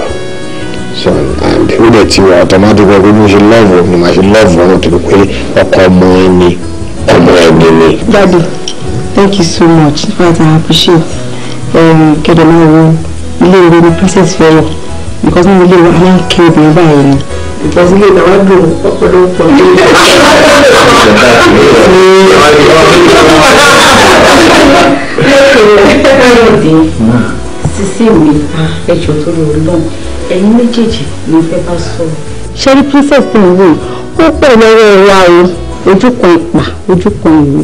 so and ó dẹ̀ ti wà automatic ẹ̀ pé mo ṣe love ọ̀ ni màá ṣe love ọ̀ náà tó fi pé ọkọ ọmọ ẹni ọmọ ẹni ni. Daddy thank you so much in fact I appreciate um, kẹ̀dẹ̀ máa wo ilé ìwé ni princess fẹ́ràn because ní ilé ìwé aláǹkẹ́ obìnrin báyìí ni ìtọ́sílẹ̀ ìtàwá dùn ọ̀pọ̀lọpọ̀ ní ìlú. lẹ́yìn sísè princess tó ń wò ó pẹ̀ lọ́wọ́ wa o ojú kan ìpà ojú kan ìwé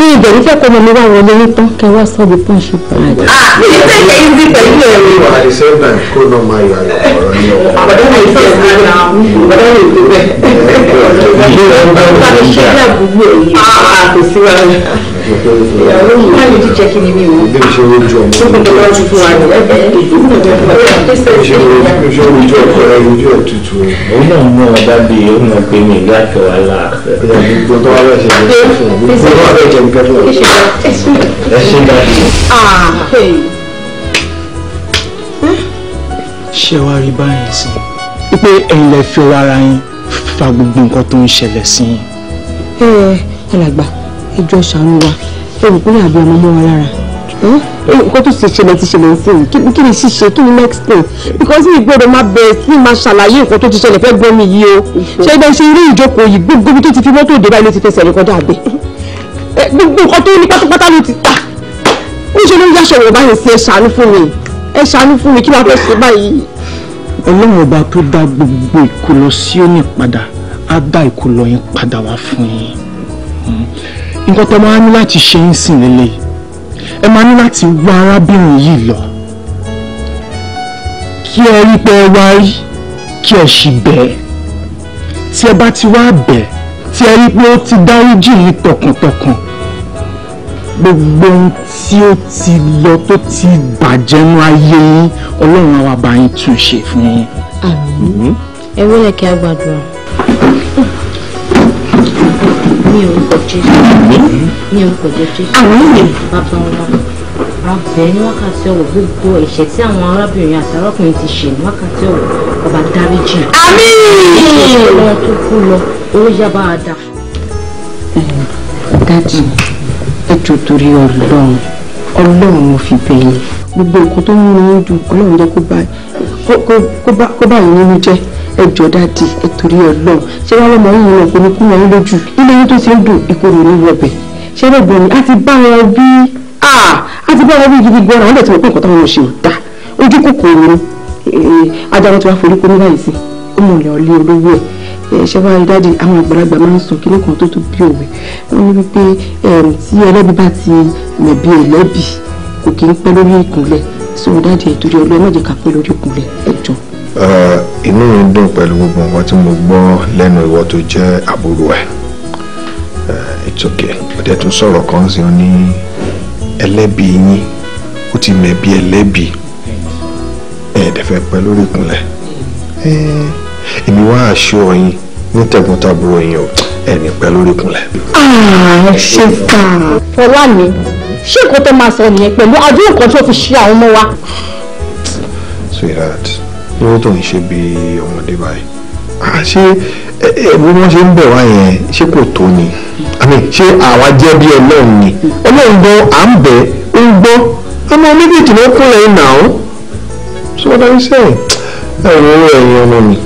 ní ibẹ̀ ní fẹ́ kọ́ ọmọ mi wá wọlé yín tán kẹ́ wá sọ́ọ̀bù pọ́ǹṣì pride. mi ì tẹ̀lé ibi pẹ̀lú ẹ̀rọ. wà á kó náà máa yọ àyà ọ̀rọ̀ ní ọ̀pọ̀. àbọ̀dá mi ìfẹ́ ìgbà náà àbọ̀dá mi ìfẹ́ ìgbà náà. ìṣe ẹ̀gbà mi ìṣe ẹ̀gbà gbogbo èyí. a kò sí wa rẹ̀. ìyàwó mi máa lè jíjẹ kí ni mi ò. bí mi ṣe rojú ọmọ mi rẹ ojú ẹ̀ tutù o. òun náà mú ọ dábì ó mọ pé mi ìlú àti wàhálà. gbogbo tó wà lọ́sẹ̀ ló fẹ́ fún un gbogbo tó wà fẹ́ fún un. ẹ ṣe ṣé wàá rí báyìí sí i pé lè fi ọwọ́ ara yín fa gbogbo nǹkan tó ń ṣẹlẹ̀ sí yín. ẹ ẹ alàgbà ẹjọ́ ṣàánú wa ẹ rò pé àbí ọmọ mọ́ wa lára. Hmm? Eh, nǹkan tó ṣe ṣẹlẹ̀ ti ṣẹlẹ̀ sí i kí ni ṣíṣe kí ni next thing because mi gbọ́dọ̀ máa bẹ̀rẹ̀ sí máa ṣàlàyé nǹkan tó ti ṣẹlẹ̀ fẹ́ gbọ́ mi yìí o ṣe ibẹ̀ ṣe eré ìjókòó yìí gbogbo ibi tó ti fi mọ́tò dé báyìí ló ti fẹsẹ̀ nìkan dàbẹ̀ eh, gbogbo nǹkan tó ní pátápátá ló ti ta ó ṣe ló ń yáṣọ wọ̀ báyìí sí ẹ ṣàánú fún mi ẹ ṣàánú fún mi kí wàá fẹ́ ṣe báyìí. ọlọ́run ọba tó dá gbogbo ìkólọ Síónì padà á dá ìkólọ yẹn padà wá fún yín hmm. nǹkan tó máa ń láti ṣe ń sìn lélẹ́yìí ẹ máa ní láti wá arábìnrin yìí lọ kí ẹ rí pé ẹ wá rí kí ẹ sì bẹ̀ẹ́ tí ẹ bá ti wá bẹ̀ẹ́ tí ẹ rí pé ó ti dáríjì yìí tọkàntọkàn gbogbo ohun tí ó ti lọ tó ti bàjẹ́ nú ayé yín ọlọ́run àwa bá tún ṣe fún yín. Hmm? ẹ wọlé kí a gbàdúrà ní orúkọ jésù ní orúkọ jésù bàbá wọn abẹ ní wákàtí ọwọ gbogbo ẹ̀ṣẹ̀ tí àwọn arábìnrin àti arákùnrin ti ṣe ní wákàtí ọwọ ọba dáríjì àmín ọmọ tó kú lọ owó yaba ada. dájú ètò torí ọlọ́run ọlọ́run mo fi bẹ̀yìn gbogbo nǹkan tó ń mú un dùn ọlọ́run jẹ́ kó bá yín nínú jẹ́ ẹ jọ dáàdì ẹ torí Ọlọ́run ṣé wàá lọmọ yìí náà kò ní kú wọn lójú ilé yín tó ti ń dùn ìkorò ní wọbẹ ṣé lẹgbẹ mi àti bá wọn bí àti bá wọn bí gidi gan àwọn ẹ̀tọ́ ìpínkàn táwọn ṣe ò dá ojú kòkòrò ni adarọ tí wàá forí kó ní báyìí sí ó mọ̀ lẹ́ ọlé olówó ẹ̀ ṣé wàá rí dáàdì àwọn àgbàlagbà máa ń sọ kí nìkan tó tún bí òwe wọ́n ní wípé tí ẹlẹ́bi bá ti mẹ̀bi ẹlẹ́bi kò kí ń pẹ́ lórí ìkúnlẹ̀ sọ̀rọ̀ dáàdì ẹ̀ torí Ọlọ́run má jẹ́ ká pẹ́ lórí ìkúnlẹ̀ ẹ̀jọ̀. Eh, inú mi dùn pẹ̀lú gbogbo nǹkan tí mo gbọ́ lẹ́nu ìwọ tó jẹ́ àbúrò ẹ̀ eh, it's okay ọ̀dẹ̀ tún sọ̀rọ̀ kan sí ọ ní ẹlẹ́bi yín ó ti mẹ̀bi ẹlẹ́bi ẹ̀ẹ́dẹ̀ fẹ́ pẹ́ lórí ìkúnlẹ̀ eh, èmi wá aṣọ yín ní tẹ̀gbọ́ntàbúrò yín o ẹni pẹ́ lórí ìkúnlẹ̀. Ah, ṣe sà fọlá mi ṣé nǹkan tó máa sọ nìyẹn pẹ̀lú àdúrà kan tó fi ṣe àwọn ọmọ wa. sweetheart lówó tó ń ṣe bí ọmọdé báyìí ah, ṣé bí wọ́n ṣe ń bẹ̀ wá yẹn ṣé kò tó ni ṣé àwa jẹ́ bí ọlọ́run ni ọlọ́run gbọ́ à ń bẹ̀ ń gbọ́ ọmọ méjèèjì ló kúnlẹ̀ ń nà ó sọ́dọ̀ iṣẹ́ ẹ̀ ẹ̀ wọ́n ẹ̀yin ọmọ mi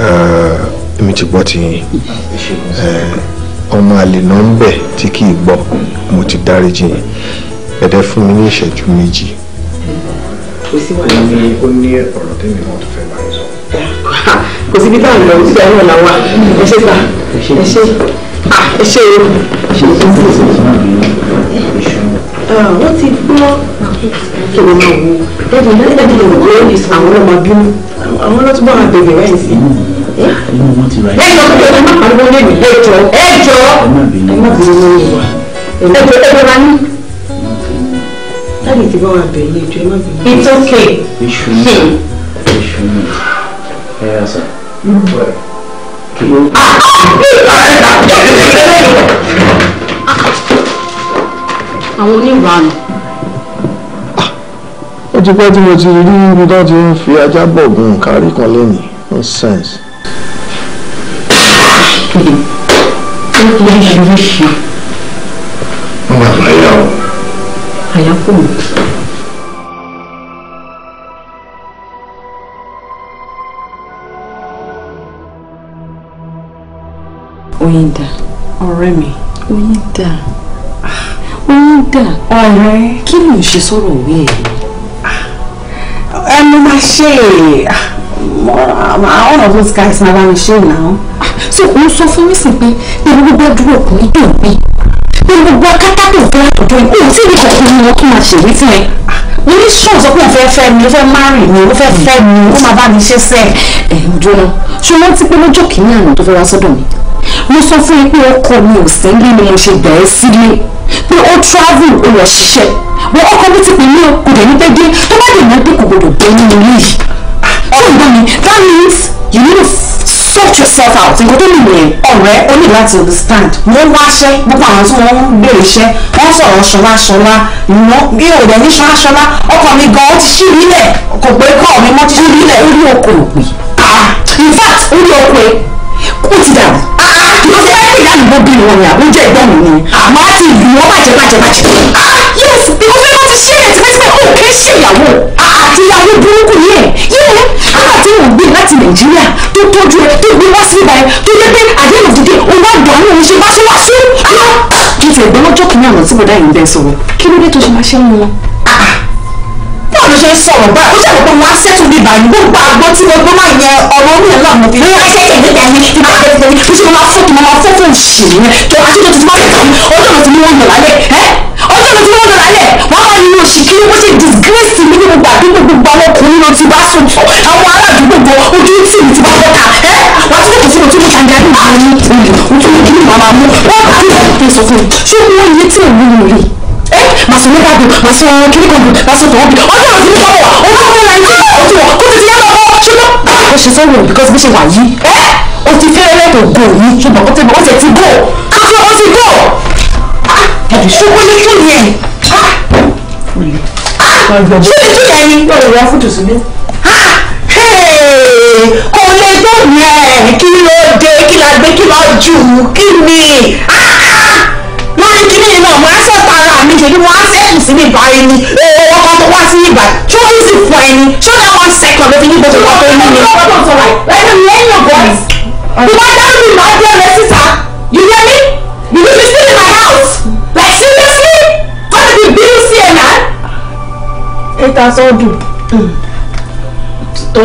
eh, èmi ti gbọ́ ti yín eh, ọmọ àlènà ń bẹ̀ tí kì í gbọ́ mo ti dáríjì yín ẹ̀dẹ̀ fún mi ní ìṣẹ́jú méjì kò sí wàhálà. ó ní ó ní ọ̀rọ̀ tẹ́mi náà tó fẹ́ bá yín sọ. kò síbi táwọn lọ sí ẹ̀rọ là wà ẹ ṣe sà ẹ ṣe ẹ ṣe o ṣe ṣe ṣe. wọ́n ti gbọ́ kí ni máa wo ẹ̀dùn náà ẹ̀dùn lè wọ́n àwọn ọmọ bímú àwọn ọlọ́túnbọ̀ máa bẹ̀rẹ̀ rẹ̀ sí inú wọn ti ra ẹ. ẹjọ ẹjọ má pariwo lé mi ẹjọ ẹjọ ẹ má bínú ẹjọ ẹjọ ra ní dáàdì ti bá wa bẹ̀yìn ètò ẹ má bẹ̀yìn. it's okay. iṣu ni iṣu ni ẹ Ah! sà. kí ló. àwọn oníranù. ó ti pẹ́ tí mo ti rí ibi tó ti ń fi ajá bọ̀ gun kárí kan lẹ́yìn nonsense. ó kiri oríṣiríṣi. wọ́n máa tún ẹ̀yà o àyà kò mí. oyin dà ọ̀rẹ́ mi oyin dà oyin dà ọ̀rẹ́ kí ló ń ṣe sọ̀rọ̀ òwe ẹ̀ ẹnu máa ṣe all of those guys máa bá mi ṣe now. Ah, so òun sọ fún mi sí pé ìlú bá dúró ọkùnrin dùn bíi pé gbogbo akátàkùn fún àtọ̀dọ́ yìí kò sí ibi kankan ni wọn kí máa ṣèwé fún ẹ orí sùn sọ pé òun fẹ́ fẹ́ mi ó fẹ́ márì mi ó fẹ́ fẹ́ mi ó máa bá mi ṣe sẹ́ ẹ̀ ń dúró ṣùgbọ́n tí pé lọ́jọ́ kìíní àná tó fẹ́ wá sọ́dọ̀ mi mo sọ fún yín pé ọkọ mi ò sí nílé ni mo ṣe gbà ẹ́ sílé pé ó travel ó lọ ṣiṣẹ́ wọ ọkọ mi ti pè mí o kò dẹ̀ ní pẹ́ dé tó bá dè mọ́ pé kò gbọdọ̀ bẹ́ nínú ilé yìí. ọ̀gbọ́n mi that means you need to sort yourself out nǹkan tó lè yẹn ọ̀rẹ́ ó ní láti understand wọ́n wáṣẹ́ gbogbo àwọn tí wọ́n ń béèrè iṣẹ́ wọ́n sọ̀rọ̀ ṣọlá ṣọlá ìwọ́n bí ò dẹ̀ ní ṣọlá ṣọlá ọkọ mi gan ó ti ṣí mi lẹ̀ kò pé kọ́ mi mọ́ ti ṣí mi lẹ̀ orí oko òpè ah, in fact orí oko ó ti dàrú ah, ah, ló fẹ́ kí ìyá àdúgbò bí wọn ni àbújá ẹ̀gbọ́n mi ni màá ti lù wọ́n bàjẹ́ bàjẹ́ bàjẹ́ yes ìwọ́n fẹ́ wọ́n ti ṣí ẹ̀ tipẹ́tipẹ́ ó kì í ṣe ìyàwó àti ìyàwó burúkú yẹn yẹn tí ò ń gbé láti nàìjíríà tó tọ́jú ẹ tó gbé wá sí ibà ẹ tó yẹ pé àyè lò dídé òun wá dùn àwọn oníṣe bá ṣe wá sí. kí ti ẹ̀gbọ́n lọ́jọ́ kìíní àná tí mo dá yìí ń bẹ sọ̀rọ̀ kí ló dé tó ṣe máa ṣẹ́ wọn. Ah, ah. báwo ló ṣe ń sọ̀rọ̀ báyìí ó ṣàlùkò wọn á ṣẹ́tù bí bàyìí gbogbo àgbo tí mo gbọ́ máa yẹ ọ̀rọ̀ orí ẹ̀ lọ́mọ fi. lóyún aṣẹ́ ìgbẹ́ ìgbẹ́ ayé ti máa bẹ̀rẹ̀ tẹ̀lé bí ṣe mo máa fọ́ tó máa fọ́ fún òṣèlú yẹn tó aṣọ tó ti máa bẹ̀rẹ̀ tẹ̀lé ọjọ́ mi ọjọ́ mi tí wọ́n dọ̀rọ̀ alẹ̀ wọ́n wà nínú òṣì kí wọ́n ṣe disgrace mi ní gbogbo àdúgbò gbogbo àwọn ọkùnrin ló ti bá sọ̀tọ̀ àwọn ará àdúgbò gbọ́ ojú tì mí ti bá bọ́ta ẹ́ wà á tún tẹ̀sí mo tún mú ṣàǹdà ní ìlú mi olè ojú mi kí ni màmá mú wọ́n bá mi fi sọ fún mi ṣé wọ́n yé tí èmi mi rí ẹ́ màsùn nípa bò màsùn kíríkan bò màsùn tọ̀wọ́ bò ọjọ́ mi ti bọ́ wà ó bá fún mi láì ó ti wọ̀ kó ti ti yá lọ́wọ́ ṣé ló bá a ṣe sọ́wọ́ because bí ṣe wà yìí ẹ́ o ti fẹ́rẹ́ tó go yìí ṣùgbọ́n ó ti ó ti ti go afro ó ti go ṣùgbọ́n ní fún mi ẹ̀ ṣé ní fún yẹn ni yóò rọ fún tòṣìlẹ. kò lè tó yẹn kí ló dé kí la gbé kí lọ jù kí ni lórí kíní yìí náà mo á sẹ́ta ara mi ṣèlú mo á sẹ́kù sí bíbá ẹni owó ọkọ tó wá sí bíbá tí ó sì fún ẹni ṣó dá one second ló fi ní gbogbo ọkọ ẹni ni. lẹ́nu mi ẹ̀yìn ọ̀gọ́ ìwádìí mi máa dé ọ̀rẹ́ sísá you hear me you be still in my house. ẹta sọ́dún tó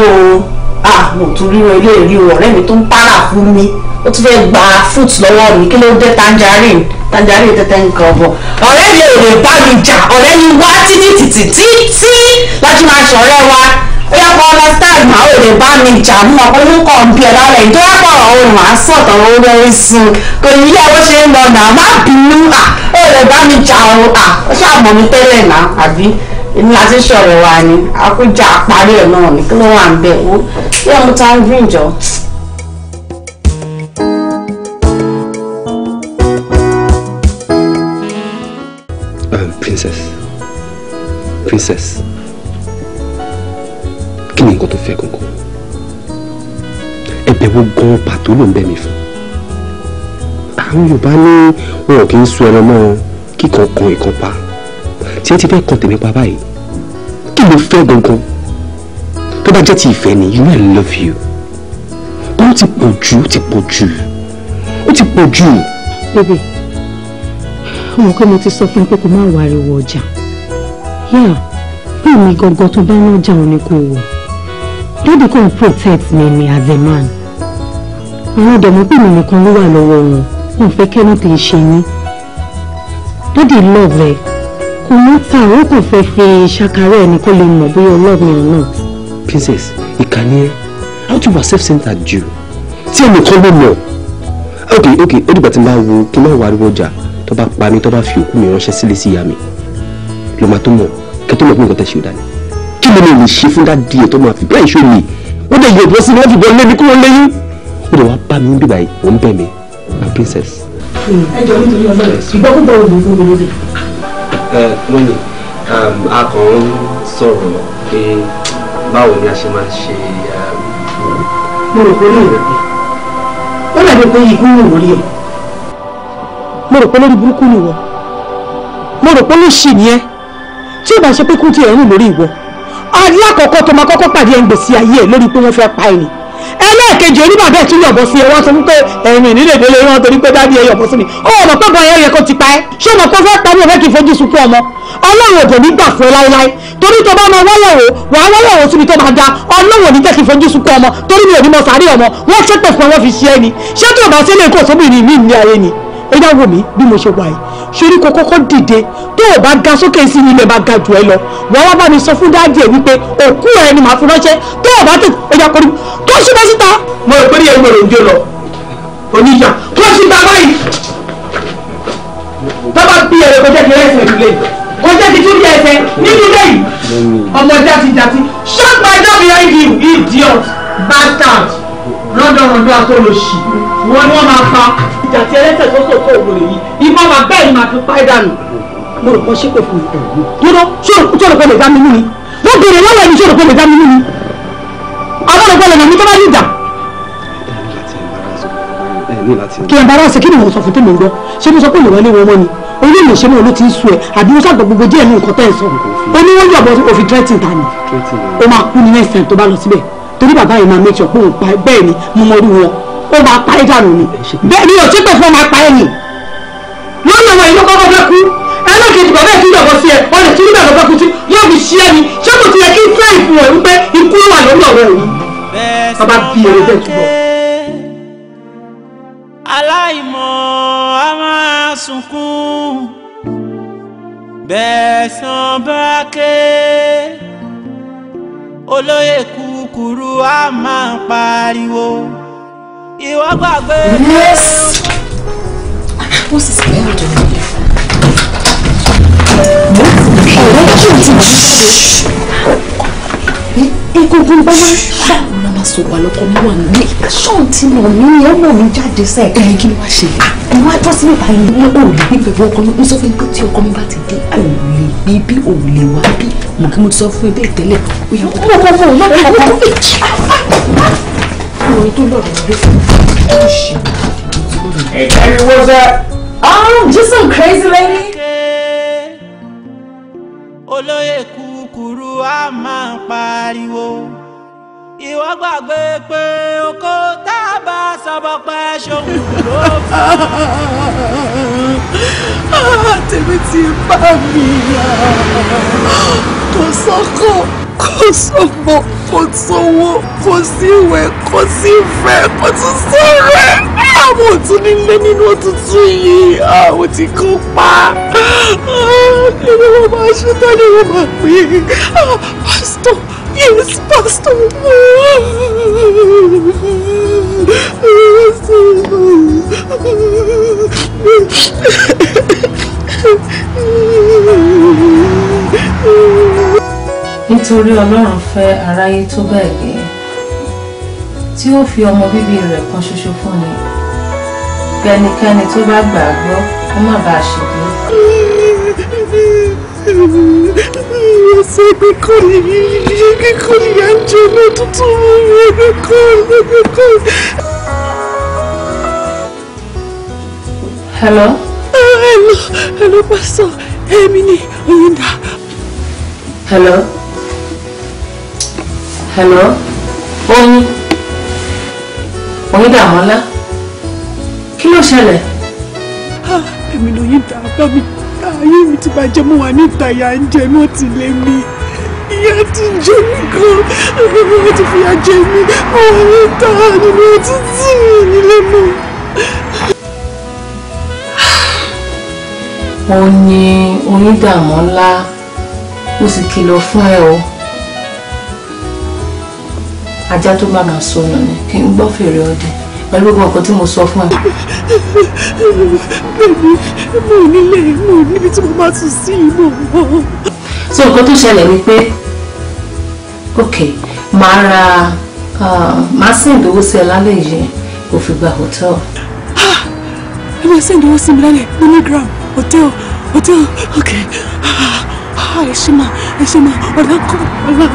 a mo tún ríran ilé ìrí ọ̀rẹ́ mi tó ń para fún mi ó tún fẹ́ gba fruit lọ́wọ́ mi kí ló dé tangerine tangerine tẹ́tẹ́ nǹkan ọ̀bọ̀ ọ̀rẹ́ mi ò lè bá mi jà ọ̀rẹ́ mi wá títí títí títí láti máa ṣọ̀rẹ́ wa ó yà pọ̀ understand màá ò lè bá mi jà mú ọkọ ló ń kọ̀ ń bí ẹ lára ẹ̀ tó yà pọ̀ òun màá sọ̀tọ̀ ó rẹ́rìn sùn kò ní yẹ bó ṣe ń lọ nà má bínú à ó lè bá mi jà ó à ó ṣàmọ̀ mi tẹ́lẹ̀ nà àbí èmi àti sọ̀rọ̀ wa ni àkójọ àparí ẹ̀ náà ni kí ló wà ń bẹ̀ wò yẹ mo ta ń green jọ. Um, princess princess kí ni nǹkan tó fẹ́ kankan ẹ̀bẹ̀ wo gan pàtó ló ń bẹ̀ mí fún àwọn Yorùbá ní wọn ò kí ń sun ẹran mọ́ kíkan ìkan pa tí ti fẹ́ kan tèmi pa báyìí kí ló fẹ́ gangan tó bá jẹ́ ti ìfẹ́ ni you know I love you bó ti pọ̀ jù ó ti pọ̀ jù ó ti pọ̀ jù. bébè ọmọ pé mo ti sọ fún pé kó má wariwo ọjà yà pé mi gangan tó bá ń ọjà òní kò wọ dáàdì kan protect me mi as a man àwọn ọ̀dọ́ mọ̀ pé mi nìkan ló wà lọ́wọ́ wọn wọn fẹ́ kẹ́ni kì í ṣe yín dáàdì love ẹ kò ta àwọn kò fẹ́ fi ṣàkárẹ́ ẹni kó lè mọ̀ bóyá ọlọ́run ẹ̀ princess ìkànnì ẹ how to be self centered jew tí ẹnìkan ló mọ̀ ok ok ó dìgbà tí n bá wo kí n má wo ariwo ọjà tó bá pa mi tó bá fi òkú mi ránṣẹ́ sílé sí ìyá mi ló máa tó mọ̀ kí tó mọ̀ pé nǹkan ò dání kí ló lè ṣe fún dáàdi ẹ̀ tó máa fi bẹ́ẹ̀ ṣó mi ó dẹ̀ yẹ ìbọn sí mi wọ́n bọ́ lé mọ́nì um, a kàn ń sọ̀rọ̀ pé báwo ni a ṣe máa ṣe. Um, mo rò pé lóyún rẹ̀ pé ó dàbí pé ikú wò lórí ẹ̀. mo rò pé lórí burúkú ni ìwọ mo rò pé ló ṣì ní ẹ tí ò kú tí ẹ rìn lórí ìwọ alákọ̀ọ́kọ́ tó máa kọ́kọ́ pàdé ẹ̀ ń gbèsè ayé ẹ̀ lórí pé wọ́n fẹ́ pa ẹ̀ nìyí ẹlẹ́ẹ̀kejì oníbàbá ẹ̀ tún yọ̀ bọ́ sí ẹ wọ́n sọ wípé ẹ̀rìn ìnílẹ̀ ìdílé wọn torí pé dádì ẹ yọ̀ bọ́ sí mi ó mọ̀ pé gan yẹ kó ti pa ẹ́ ṣé mọ̀ pé fẹ́ pa mí ò fẹ́ kí n fojú sunkún ọmọ ọlọ́run òdò ní gbà fún ẹ láéláé torí tó bá máa wáyọ̀ wò wàá wáyọ̀ wò síbi tó máa da ọlọ́run òní jẹ́ kí n fojú sunkún ọmọ torí mi ò ní mọ sàárè ọmọ wọ́n ṣépè fún ọmọ fi ṣe ẹni ṣé tó ẹ̀yà wò mí bí mo ṣe wà yìí ṣorí kò kọ́kọ́ dìde tó o bá ga sókè sí ilẹ̀ bá ga jù ẹ lọ wàá wá bá mi sọ fún dáàdì ẹ wípé òkú ẹ ni màá fi ránṣẹ́ tó o bá tètè ẹ̀yà kọ́ni tó ṣubá síta. mo rò pé ní ẹgbẹ́ òròǹjẹ lọ oníyà tó ṣùgbọ́n báyìí tó bá gbé ẹ̀rọ kọjá ti rẹ́sẹ̀ nílé kọjá ti tún bí ẹsẹ̀ nínú ilé yìí ọmọ jàtijàti ṣọ́ọ̀gbà ẹ̀dọ́ mi rọ́dọ̀rọ̀dọ̀ àtọ́lọ́sì wọn ni wọ́n máa pa ìjà tí ẹlẹ́sẹ̀ tó sọ tó òwò yìí ibà máa bẹ́ẹ̀ ni màá fi pa ẹ̀ dànù. mo rò kọ́ ṣépè fún mi. dúró sọ̀rọ̀ pé lè dá mi nú ni wọ́n béèrè lọ́wọ́ ẹni sọ̀rọ̀ pé lè dá mi nú ni. àwọn ọ̀rọ̀ pẹ̀lẹ́ mi tó bá dìjà. kí ẹ̀ bára ṣe kí ni mo sọ fún tèmi gbọ́ ṣé mo sọ pé ìwọlé wọn wọn ni orí mi ṣe mọ́ ló ti ń sú ẹ àbí wọ́n ṣàgbọ́ gbogbo díẹ̀ ní nǹkan tẹ́ ẹ sọ. oníwọ́n yọ̀bọ̀ òfin tírẹ́tì ta ni. o máa kú ní ẹ̀sẹ̀ tó bá lọ síbẹ̀ torí bàbá yìí máa mẹ́tì ọ̀pọ̀ òun bẹ́ẹ̀ ni mo mọ orí wọn ó máa pa dànù ni bẹ́ẹ̀ ni òtí pẹ̀ fún ọ máa pa lórí ọmọ yìí kọ́kọ́ fẹ́ kú ẹlẹ́kejì bàbá ẹ̀ tún sí ẹ ọ̀rẹ́ tún nígbà lọ́fẹ́ kú tí yóò fi ṣí ẹni ṣé kò ti yẹ kí fẹ́ ìfún ẹ̀ wípé ikú wà lórí ọ̀rẹ́ òun bàbá bí èrè olóyè kú kúkúrú á máa pariwo ìwọ gbàgbé. yes ó sì sì bẹ́ẹ̀ jọ. ọ̀rẹ́ kí n ti jí. egungun bá máa ń ṣàkóso bá sọ̀rọ̀ àlọ́kọ mi wà nílé. aṣọ́n ti nà mí ẹ mọ̀ jáde sẹ́. ẹ kí ló wá ṣe. Ah, mo wá tọ́ sílẹ̀ báyìí ní òòlù nífẹ̀ẹ́ fún ọkọ mi mo sọ fún mi pé tí ọkọ mi bá ti dé òòlù bí bí òòlù wá bí mo kí mo ti sọ fún ẹ bẹ́ẹ̀ tẹ́lẹ̀ ó yà ah, ah, wọ́n fẹ́. oh just some crazy ká gbàgbé pé oko tá a bá sọ̀bọ̀ pẹ́ ṣòun ló fà ah, tèmi ti bá mi yá kò sọ́kọ̀ kò sọ́mọ kò sówó kò síwẹ̀ kò sífẹ̀ kò ah, tún sọ̀rẹ́ àwọn òtún nílé nínú òtútù yìí àwọn ah, ti kó pa nínú wọn máa ṣe tán ni wọn máa pè é pásítọ̀. Yes, Pastor. Nítorí Ọlọ́run fẹ́ aráyé tó bẹ́ẹ̀ gẹ́, tí ó fi ọmọ bíbí rẹ̀ kan ṣoṣo fún ni, kẹ́nikẹ́ni tó bá gbàgbọ́, ó má bàa ṣègbé ẹsẹ̀ mi kọ́ ni iye kíkọ́ ni à ń jẹ náà tuntun mi hello. hello hello pastor èmi ni hello. hello. oyin oyin dàmọ́lá kí ló ṣẹlẹ̀. èmi ah, ni oyinda bá mi ayé mi ti bàjẹ́ mo wà níta ìyà ń jẹ náà ti lé mi ìyà ti jẹ mí gan agbègbè wọn ti fìyà jẹ mí mo wà níta nínú títí mi nílé mọ. ó ní onídààmú ńlá ó sì kìlọ̀ fún ẹ o ajá tó bá máa sọnù ni kí n gbọ́ fèrè ọdẹ pẹ̀lú ọkọ̀ tí mo sọ fún ẹ. bẹ́ẹ̀ni mo nílé mo níbi tí mo máa tún sí ìmọ̀ wọn. so nǹkan tó ṣẹlẹ̀ ni pé ok màá ra màá send owó sí ẹ lálẹ́ yìí kò fi gba hotel. ẹ máa send owó sí mi lálẹ́ monogram hotel hotel ok ẹ ṣe máa ẹ ṣe máa ọ̀la kọ́ ọ̀la.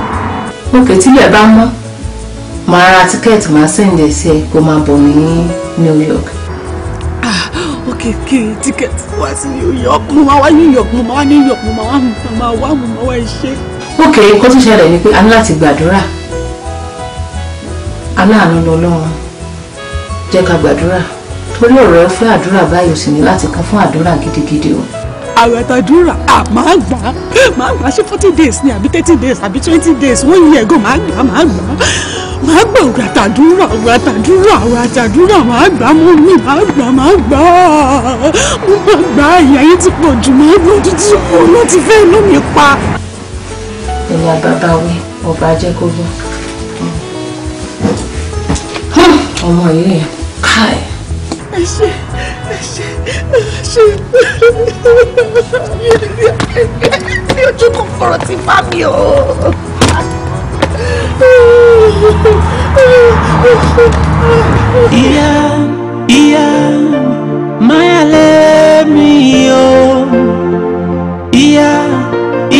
ok tílẹ̀ bá mọ́ máa ra tíkẹ́ẹ̀tì máa sẹ́ǹdẹ̀ sí ẹ kó máa bọ̀ ní New York. ah ok ok tíkẹ́ẹ̀tì wá sí New York mo máa wá New York mo máa wá New York mo máa wá mo máa wá mo máa wá iṣẹ́. ok nǹkan tó ṣẹlẹ̀ ni pé a ní láti gbàdúrà aláàánú lọ́lọ́run jẹ́ ká gbàdúrà torí ọ̀rọ̀ ẹ fẹ́ àdúrà báyìí ó sì ní láti kún fún àdúrà gidigidi o àwẹ̀ àtàdúrà máa gbà máa gbà ṣé forty days ni àbí thirty days àbí twenty days wọ́n yí ẹ̀gọ́ máa gbà máa gbà máa gbà òwúrọ̀ àtàdúrà òwúrọ̀ àtàdúrà òwúrọ̀ àtàdúrà máa gbà mú mi máa gbà máa gbà mo máa gbà ìyá yín ti pọ̀ jù máa gbà títí ọ̀nà ti fẹ́ ló mi pa. ìyá bàbá wí ọba jẹ́ kó gbọ́ ọmọ yìí káì. ẹ ṣe ṣe ṣe mi ò tún kòkòrò ti bá mi o. ìyá ìyá máyà lẹ́mí o ìyá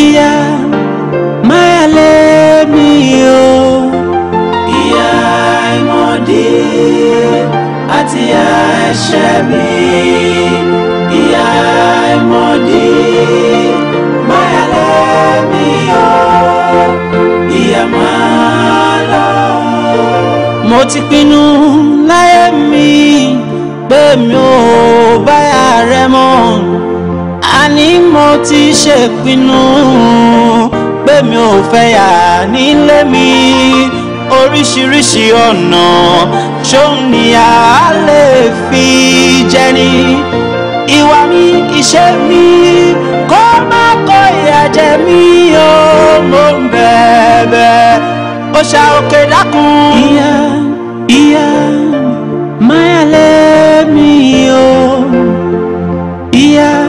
ìyá máyà lẹ́mí o ìyá ìmọ̀dé àti ẹ̀ṣẹ̀ mi. mo ti pinnu láyé mi pé mi ò báyà rẹ mọ́ àní mo ti ṣèpinnu pé mi ò fẹ́ yà nílé mi oríṣiríṣi ọ̀nà ṣóun ni a lè fi jẹni ìwà mi ìṣe mi kó má kó ìyà jẹ mí o mo ń ó ṣá dákun. ìyá ìyá máyà lẹ́mìí o ìyá.